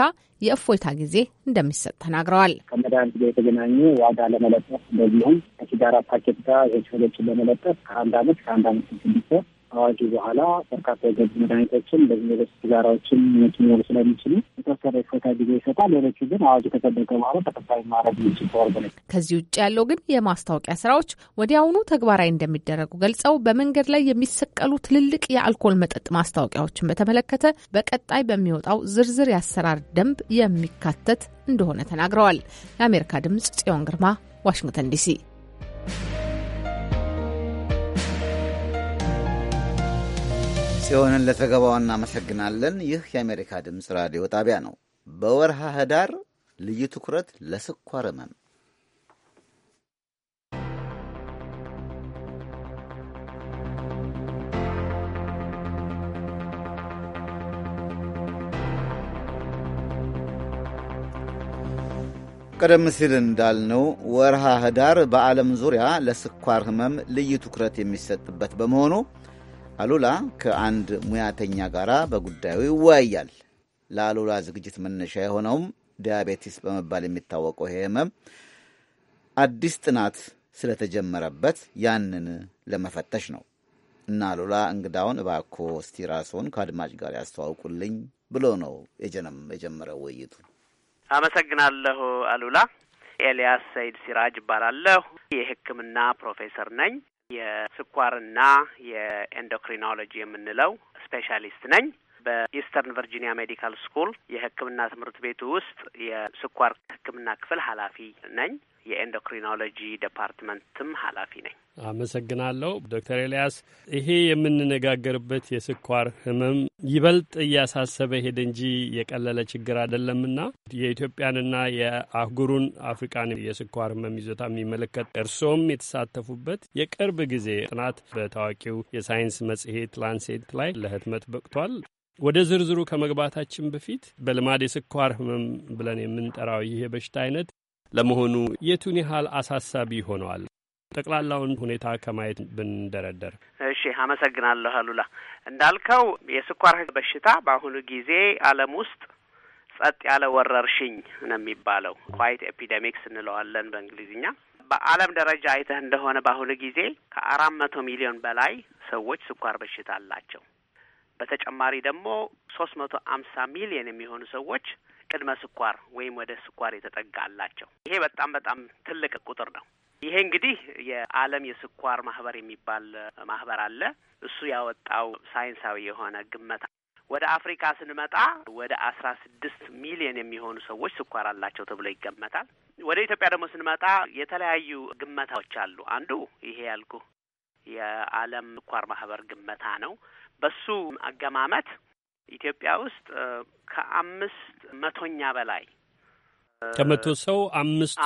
የእፎይታ ጊዜ እንደሚሰጥ ተናግረዋል። ከመድኃኒት ጋር የተገናኙ ዋጋ ለመለጠፍ እንደዚሁም ከሲጋራ ፓኬት ጋር የችሎችን ለመለጠፍ ከአንድ አመት ከአንድ አመት ስድስት አዋጁ በኋላ በርካታ የገቡ መድኃኒቶችን እንደዚህ ሌሎች ሲጋራዎችን መጭሚሉ ስለሚችሉ የተወሰነ የፎታ ጊዜ ይሰጣል። ሌሎቹ ግን አዋጁ ከጸደቀ በኋላ ተከታይ ማድረግ የሚችል ተወርግ ከዚህ ውጭ ያለው ግን የማስታወቂያ ስራዎች ወዲያውኑ ተግባራዊ እንደሚደረጉ ገልጸው በመንገድ ላይ የሚሰቀሉ ትልልቅ የአልኮል መጠጥ ማስታወቂያዎችን በተመለከተ በቀጣይ በሚወጣው ዝርዝር የአሰራር ደንብ የሚካተት እንደሆነ ተናግረዋል። ለአሜሪካ ድምጽ ጽዮን ግርማ ዋሽንግተን ዲሲ ጽዮንን ለዘገባው እናመሰግናለን። ይህ የአሜሪካ ድምፅ ራዲዮ ጣቢያ ነው። በወርሃ ህዳር ልዩ ትኩረት ለስኳር ህመም ቀደም ሲል እንዳልነው ወርሃ ህዳር በዓለም ዙሪያ ለስኳር ህመም ልዩ ትኩረት የሚሰጥበት በመሆኑ አሉላ ከአንድ ሙያተኛ ጋር በጉዳዩ ይወያያል። ለአሉላ ዝግጅት መነሻ የሆነውም ዲያቤቲስ በመባል የሚታወቀው ይሄ ህመም አዲስ ጥናት ስለተጀመረበት ያንን ለመፈተሽ ነው። እና አሉላ እንግዳውን እባክዎ እስቲ ራስዎን ከአድማጭ ጋር ያስተዋውቁልኝ ብሎ ነው የጀመረው ውይይቱ። አመሰግናለሁ አሉላ። ኤልያስ ሰይድ ሲራጅ እባላለሁ። የሕክምና ፕሮፌሰር ነኝ። የስኳርና የኤንዶክሪኖሎጂ የምንለው ስፔሻሊስት ነኝ። በኢስተርን ቨርጂኒያ ሜዲካል ስኩል የሕክምና ትምህርት ቤቱ ውስጥ የስኳር ሕክምና ክፍል ኃላፊ ነኝ። የኤንዶክሪኖሎጂ ዲፓርትመንትም ኃላፊ ነኝ። አመሰግናለሁ ዶክተር ኤልያስ። ይሄ የምንነጋገርበት የስኳር ህመም ይበልጥ እያሳሰበ ሄደ እንጂ የቀለለ ችግር አይደለምና የኢትዮጵያንና የአህጉሩን አፍሪካን የስኳር ህመም ይዞታ የሚመለከት እርስዎም የተሳተፉበት የቅርብ ጊዜ ጥናት በታዋቂው የሳይንስ መጽሔት ላንሴት ላይ ለህትመት በቅቷል። ወደ ዝርዝሩ ከመግባታችን በፊት በልማድ የስኳር ህመም ብለን የምንጠራው ይህ የበሽታ አይነት ለመሆኑ የቱን ያህል አሳሳቢ ሆነዋል? ጠቅላላውን ሁኔታ ከማየት ብንደረደር። እሺ፣ አመሰግናለሁ አሉላ። እንዳልከው የስኳር በሽታ በአሁኑ ጊዜ ዓለም ውስጥ ጸጥ ያለ ወረርሽኝ ነው የሚባለው። ኳይት ኤፒደሚክስ እንለዋለን በእንግሊዝኛ። በዓለም ደረጃ አይተህ እንደሆነ በአሁኑ ጊዜ ከአራት መቶ ሚሊዮን በላይ ሰዎች ስኳር በሽታ አላቸው። በተጨማሪ ደግሞ ሶስት መቶ አምሳ ሚሊየን የሚሆኑ ሰዎች ቅድመ ስኳር ወይም ወደ ስኳር የተጠጋ አላቸው። ይሄ በጣም በጣም ትልቅ ቁጥር ነው። ይሄ እንግዲህ የዓለም የስኳር ማህበር የሚባል ማህበር አለ። እሱ ያወጣው ሳይንሳዊ የሆነ ግመታ ወደ አፍሪካ ስንመጣ ወደ አስራ ስድስት ሚሊዮን የሚሆኑ ሰዎች ስኳር አላቸው ተብሎ ይገመታል። ወደ ኢትዮጵያ ደግሞ ስንመጣ የተለያዩ ግመታዎች አሉ። አንዱ ይሄ ያልኩ የዓለም ስኳር ማህበር ግመታ ነው። በሱ አገማመት ኢትዮጵያ ውስጥ ከአምስት መቶኛ በላይ ከመቶ ሰው አምስቱ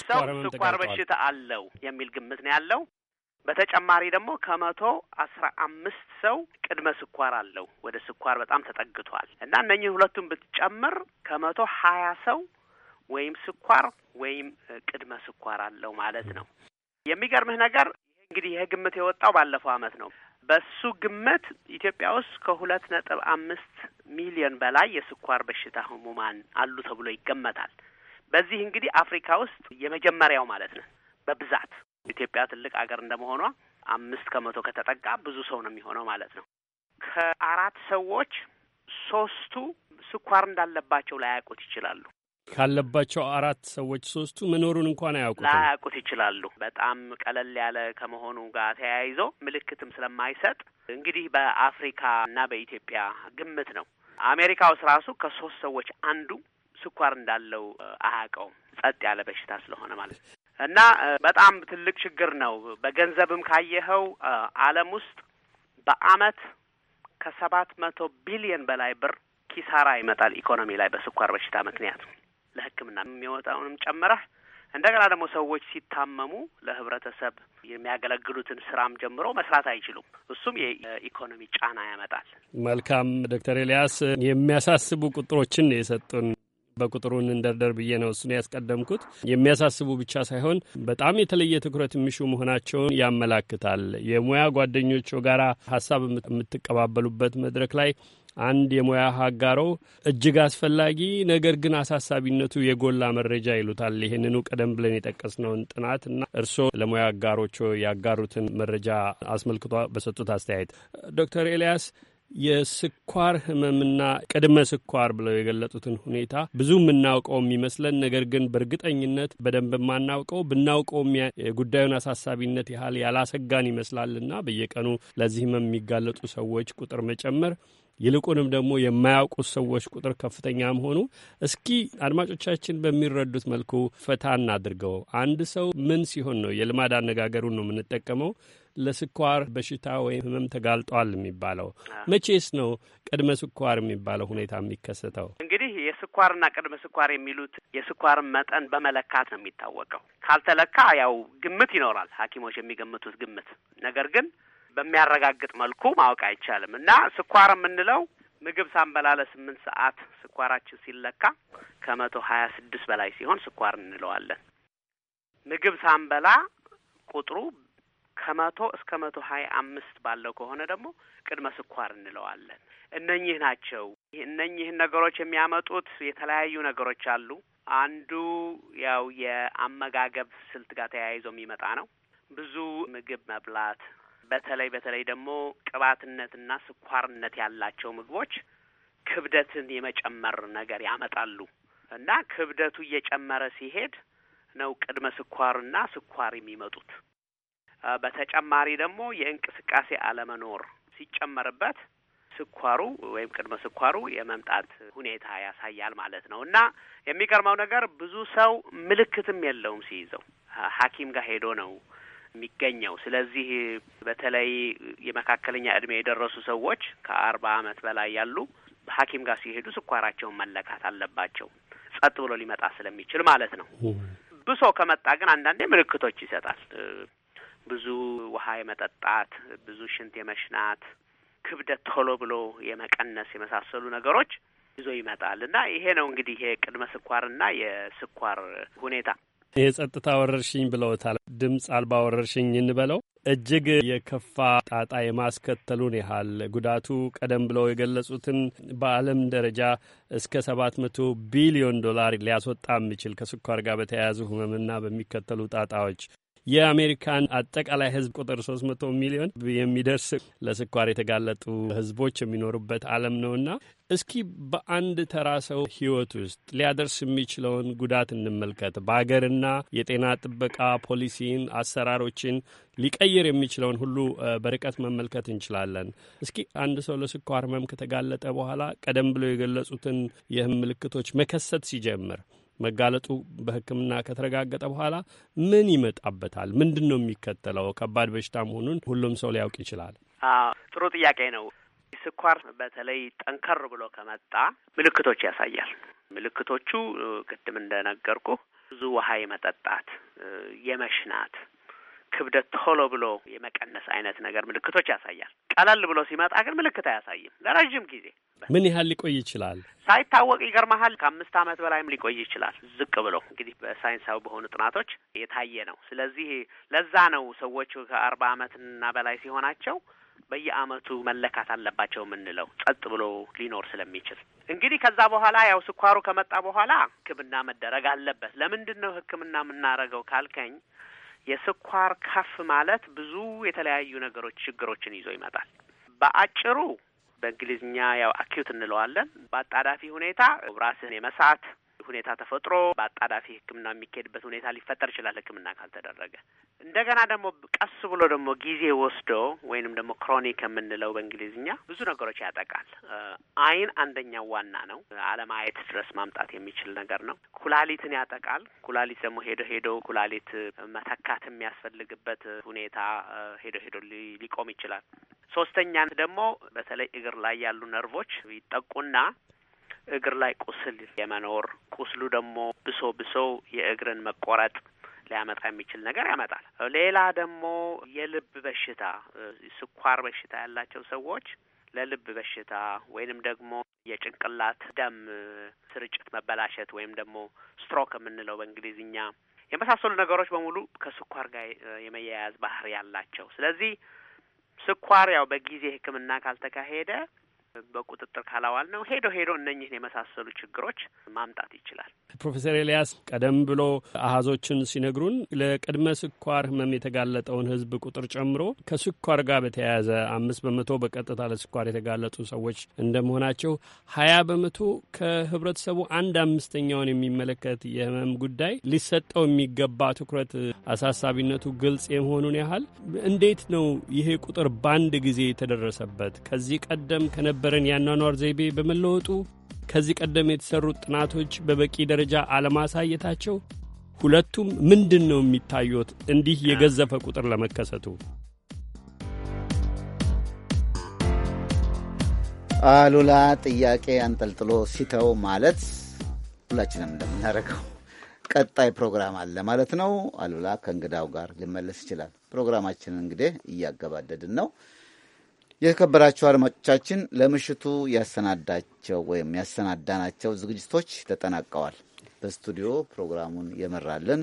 ስኳር በሽታ አለው የሚል ግምት ነው ያለው። በተጨማሪ ደግሞ ከመቶ አስራ አምስት ሰው ቅድመ ስኳር አለው፣ ወደ ስኳር በጣም ተጠግቷል እና እነኚህን ሁለቱን ብትጨምር ከመቶ ሀያ ሰው ወይም ስኳር ወይም ቅድመ ስኳር አለው ማለት ነው። የሚገርምህ ነገር እንግዲህ ይህ ግምት የወጣው ባለፈው አመት ነው። በሱ ግምት ኢትዮጵያ ውስጥ ከሁለት ነጥብ አምስት ሚሊዮን በላይ የስኳር በሽታ ህሙማን አሉ ተብሎ ይገመታል። በዚህ እንግዲህ አፍሪካ ውስጥ የመጀመሪያው ማለት ነው በብዛት ኢትዮጵያ ትልቅ አገር እንደመሆኗ አምስት ከመቶ ከተጠቃ ብዙ ሰው ነው የሚሆነው ማለት ነው። ከአራት ሰዎች ሶስቱ ስኳር እንዳለባቸው ላያውቁት ይችላሉ። ካለባቸው አራት ሰዎች ሶስቱ መኖሩን እንኳን አያውቁ ላያውቁት ይችላሉ። በጣም ቀለል ያለ ከመሆኑ ጋር ተያይዞ ምልክትም ስለማይሰጥ እንግዲህ በአፍሪካ እና በኢትዮጵያ ግምት ነው። አሜሪካ ውስጥ ራሱ ከሶስት ሰዎች አንዱ ስኳር እንዳለው አያውቀውም። ጸጥ ያለ በሽታ ስለሆነ ማለት ነው። እና በጣም ትልቅ ችግር ነው። በገንዘብም ካየኸው ዓለም ውስጥ በአመት ከሰባት መቶ ቢሊዮን በላይ ብር ኪሳራ ይመጣል ኢኮኖሚ ላይ በስኳር በሽታ ምክንያት። ለሕክምና የሚወጣውንም ጨምረህ እንደገና ደግሞ ሰዎች ሲታመሙ ለህብረተሰብ የሚያገለግሉትን ስራም ጀምሮ መስራት አይችሉም። እሱም የኢኮኖሚ ጫና ያመጣል። መልካም ዶክተር ኤልያስ የሚያሳስቡ ቁጥሮችን የሰጡን በቁጥሩን እንደርደር ብዬ ነው እሱን ያስቀደምኩት። የሚያሳስቡ ብቻ ሳይሆን በጣም የተለየ ትኩረት የሚሹ መሆናቸውን ያመላክታል። የሙያ ጓደኞቹ ጋር ሀሳብ የምትቀባበሉበት መድረክ ላይ አንድ የሙያ አጋሮ እጅግ አስፈላጊ ነገር ግን አሳሳቢነቱ የጎላ መረጃ ይሉታል። ይህንኑ ቀደም ብለን የጠቀስነውን ጥናት እና እርስዎ ለሙያ አጋሮቹ ያጋሩትን መረጃ አስመልክቶ በሰጡት አስተያየት ዶክተር ኤልያስ የስኳር ህመምና ቅድመ ስኳር ብለው የገለጡትን ሁኔታ ብዙ የምናውቀው የሚመስለን ነገር ግን በእርግጠኝነት በደንብ የማናውቀው ብናውቀውም የጉዳዩን አሳሳቢነት ያህል ያላሰጋን ይመስላልና በየቀኑ ለዚህ ህመም የሚጋለጡ ሰዎች ቁጥር መጨመር ይልቁንም ደግሞ የማያውቁት ሰዎች ቁጥር ከፍተኛ መሆኑ እስኪ አድማጮቻችን በሚረዱት መልኩ ፈታ እናድርገው። አንድ ሰው ምን ሲሆን ነው የልማድ አነጋገሩን ነው የምንጠቀመው ለስኳር በሽታ ወይም ህመም ተጋልጧል የሚባለው መቼስ ነው? ቅድመ ስኳር የሚባለው ሁኔታ የሚከሰተው እንግዲህ የስኳርና ቅድመ ስኳር የሚሉት የስኳር መጠን በመለካት ነው የሚታወቀው። ካልተለካ ያው ግምት ይኖራል፣ ሐኪሞች የሚገምቱት ግምት። ነገር ግን በሚያረጋግጥ መልኩ ማወቅ አይቻልም እና ስኳር የምንለው ምግብ ሳንበላ ለስምንት ሰዓት ስኳራችን ሲለካ ከመቶ ሀያ ስድስት በላይ ሲሆን ስኳር እንለዋለን። ምግብ ሳንበላ ቁጥሩ ከመቶ እስከ መቶ ሀያ አምስት ባለው ከሆነ ደግሞ ቅድመ ስኳር እንለዋለን። እነኚህ ናቸው። እነኚህን ነገሮች የሚያመጡት የተለያዩ ነገሮች አሉ። አንዱ ያው የአመጋገብ ስልት ጋር ተያይዞ የሚመጣ ነው። ብዙ ምግብ መብላት በተለይ በተለይ ደግሞ ቅባትነትና ስኳርነት ያላቸው ምግቦች ክብደትን የመጨመር ነገር ያመጣሉ እና ክብደቱ እየጨመረ ሲሄድ ነው ቅድመ ስኳርና ስኳር የሚመጡት። በተጨማሪ ደግሞ የእንቅስቃሴ አለመኖር ሲጨመርበት ስኳሩ ወይም ቅድመ ስኳሩ የመምጣት ሁኔታ ያሳያል ማለት ነው። እና የሚገርመው ነገር ብዙ ሰው ምልክትም የለውም ሲይዘው ሐኪም ጋር ሄዶ ነው የሚገኘው። ስለዚህ በተለይ የመካከለኛ እድሜ የደረሱ ሰዎች ከአርባ አመት በላይ ያሉ ሐኪም ጋር ሲሄዱ ስኳራቸውን መለካት አለባቸው፣ ጸጥ ብሎ ሊመጣ ስለሚችል ማለት ነው። ብሶ ከመጣ ግን አንዳንዴ ምልክቶች ይሰጣል። ብዙ ውሃ የመጠጣት፣ ብዙ ሽንት የመሽናት፣ ክብደት ቶሎ ብሎ የመቀነስ የመሳሰሉ ነገሮች ይዞ ይመጣል እና ይሄ ነው እንግዲህ የቅድመ ስኳርና የስኳር ሁኔታ። የጸጥታ ወረርሽኝ ብለውታል። ድምፅ አልባ ወረርሽኝ እንበለው እጅግ የከፋ ጣጣ የማስከተሉን ያህል ጉዳቱ ቀደም ብለው የገለጹትን በዓለም ደረጃ እስከ ሰባት መቶ ቢሊዮን ዶላር ሊያስወጣ የሚችል ከስኳር ጋር በተያያዙ ህመምና በሚከተሉ ጣጣዎች የአሜሪካን አጠቃላይ ህዝብ ቁጥር 300 ሚሊዮን የሚደርስ ለስኳር የተጋለጡ ህዝቦች የሚኖሩበት ዓለም ነውና እስኪ በአንድ ተራ ሰው ህይወት ውስጥ ሊያደርስ የሚችለውን ጉዳት እንመልከት። በሀገርና የጤና ጥበቃ ፖሊሲን፣ አሰራሮችን ሊቀይር የሚችለውን ሁሉ በርቀት መመልከት እንችላለን። እስኪ አንድ ሰው ለስኳር ህመም ከተጋለጠ በኋላ ቀደም ብሎ የገለጹትን የህም ምልክቶች መከሰት ሲጀምር መጋለጡ በሕክምና ከተረጋገጠ በኋላ ምን ይመጣበታል? ምንድን ነው የሚከተለው? ከባድ በሽታ መሆኑን ሁሉም ሰው ሊያውቅ ይችላል? አዎ ጥሩ ጥያቄ ነው። ስኳር በተለይ ጠንከር ብሎ ከመጣ ምልክቶች ያሳያል። ምልክቶቹ ቅድም እንደነገርኩ ብዙ ውሃ የመጠጣት፣ የመሽናት፣ ክብደት ቶሎ ብሎ የመቀነስ አይነት ነገር ምልክቶች ያሳያል። ቀለል ብሎ ሲመጣ ግን ምልክት አያሳይም ለረዥም ጊዜ ምን ያህል ሊቆይ ይችላል? ሳይታወቅ ይገርመሃል፣ ከአምስት ዓመት በላይም ሊቆይ ይችላል። ዝቅ ብሎ እንግዲህ በሳይንሳዊ በሆኑ ጥናቶች የታየ ነው። ስለዚህ ለዛ ነው ሰዎቹ ከአርባ ዓመትና በላይ ሲሆናቸው በየአመቱ መለካት አለባቸው የምንለው ጸጥ ብሎ ሊኖር ስለሚችል እንግዲህ ከዛ በኋላ ያው ስኳሩ ከመጣ በኋላ ሕክምና መደረግ አለበት። ለምንድን ነው ሕክምና የምናደርገው ካልከኝ የስኳር ከፍ ማለት ብዙ የተለያዩ ነገሮች ችግሮችን ይዞ ይመጣል። በአጭሩ በእንግሊዝኛ ያው አኪዩት እንለዋለን። በአጣዳፊ ሁኔታ ራስን የመሳት ሁኔታ ተፈጥሮ በአጣዳፊ ሕክምና የሚካሄድበት ሁኔታ ሊፈጠር ይችላል። ሕክምና ካልተደረገ እንደገና ደግሞ ቀስ ብሎ ደግሞ ጊዜ ወስዶ ወይንም ደግሞ ክሮኒክ የምንለው በእንግሊዝኛ ብዙ ነገሮች ያጠቃል። አይን አንደኛው ዋና ነው። አለማየት ድረስ ማምጣት የሚችል ነገር ነው። ኩላሊትን ያጠቃል። ኩላሊት ደግሞ ሄዶ ሄዶ ኩላሊት መተካት የሚያስፈልግበት ሁኔታ ሄዶ ሄዶ ሊቆም ይችላል። ሶስተኛ ደግሞ በተለይ እግር ላይ ያሉ ነርቮች ይጠቁና እግር ላይ ቁስል የመኖር ቁስሉ ደግሞ ብሶ ብሶ የእግርን መቆረጥ ሊያመጣ የሚችል ነገር ያመጣል። ሌላ ደግሞ የልብ በሽታ ስኳር በሽታ ያላቸው ሰዎች ለልብ በሽታ ወይንም ደግሞ የጭንቅላት ደም ስርጭት መበላሸት ወይም ደግሞ ስትሮክ የምንለው በእንግሊዝኛ የመሳሰሉ ነገሮች በሙሉ ከስኳር ጋር የመያያዝ ባህሪ ያላቸው። ስለዚህ ስኳር ያው በጊዜ ሕክምና ካልተካሄደ በቁጥጥር ካላዋል ነው ሄዶ ሄዶ እነኚህን የመሳሰሉ ችግሮች ማምጣት ይችላል። ፕሮፌሰር ኤልያስ ቀደም ብሎ አሀዞችን ሲነግሩን ለቅድመ ስኳር ህመም የተጋለጠውን ህዝብ ቁጥር ጨምሮ ከስኳር ጋር በተያያዘ አምስት በመቶ በቀጥታ ለስኳር የተጋለጡ ሰዎች እንደመሆናቸው ሀያ በመቶ ከህብረተሰቡ አንድ አምስተኛውን የሚመለከት የህመም ጉዳይ ሊሰጠው የሚገባ ትኩረት አሳሳቢነቱ ግልጽ የመሆኑን ያህል እንዴት ነው ይሄ ቁጥር በአንድ ጊዜ የተደረሰበት ከዚህ ቀደም ከነ የነበረን የአኗኗር ዘይቤ በመለወጡ ከዚህ ቀደም የተሠሩት ጥናቶች በበቂ ደረጃ አለማሳየታቸው ሁለቱም ምንድን ነው የሚታዩት እንዲህ የገዘፈ ቁጥር ለመከሰቱ? አሉላ ጥያቄ አንጠልጥሎ ሲተው ማለት ሁላችንም እንደምናደርገው ቀጣይ ፕሮግራም አለ ማለት ነው። አሉላ ከእንግዳው ጋር ሊመለስ ይችላል። ፕሮግራማችንን እንግዲህ እያገባደድን ነው። የተከበራችሁ አድማጮቻችን ለምሽቱ ያሰናዳቸው ወይም ያሰናዳናቸው ዝግጅቶች ተጠናቀዋል። በስቱዲዮ ፕሮግራሙን የመራልን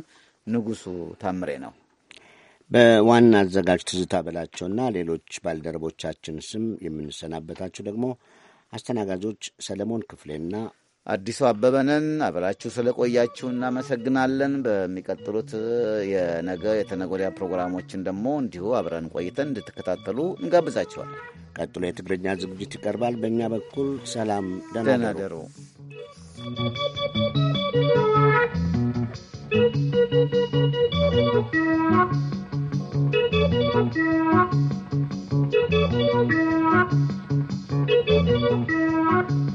ንጉሱ ታምሬ ነው። በዋና አዘጋጅ ትዝታ በላቸውና ሌሎች ባልደረቦቻችን ስም የምንሰናበታችሁ ደግሞ አስተናጋጆች ሰለሞን ክፍሌና አዲሱ አበበንን አብራችሁ ስለቆያችሁ እናመሰግናለን። በሚቀጥሉት የነገ የተነጎዳ ፕሮግራሞችን ደግሞ እንዲሁ አብረን ቆይተን እንድትከታተሉ እንጋብዛችኋለን። ቀጥሎ የትግርኛ ዝግጅት ይቀርባል። በእኛ በኩል ሰላም፣ ደህና ደሩ። Thank you.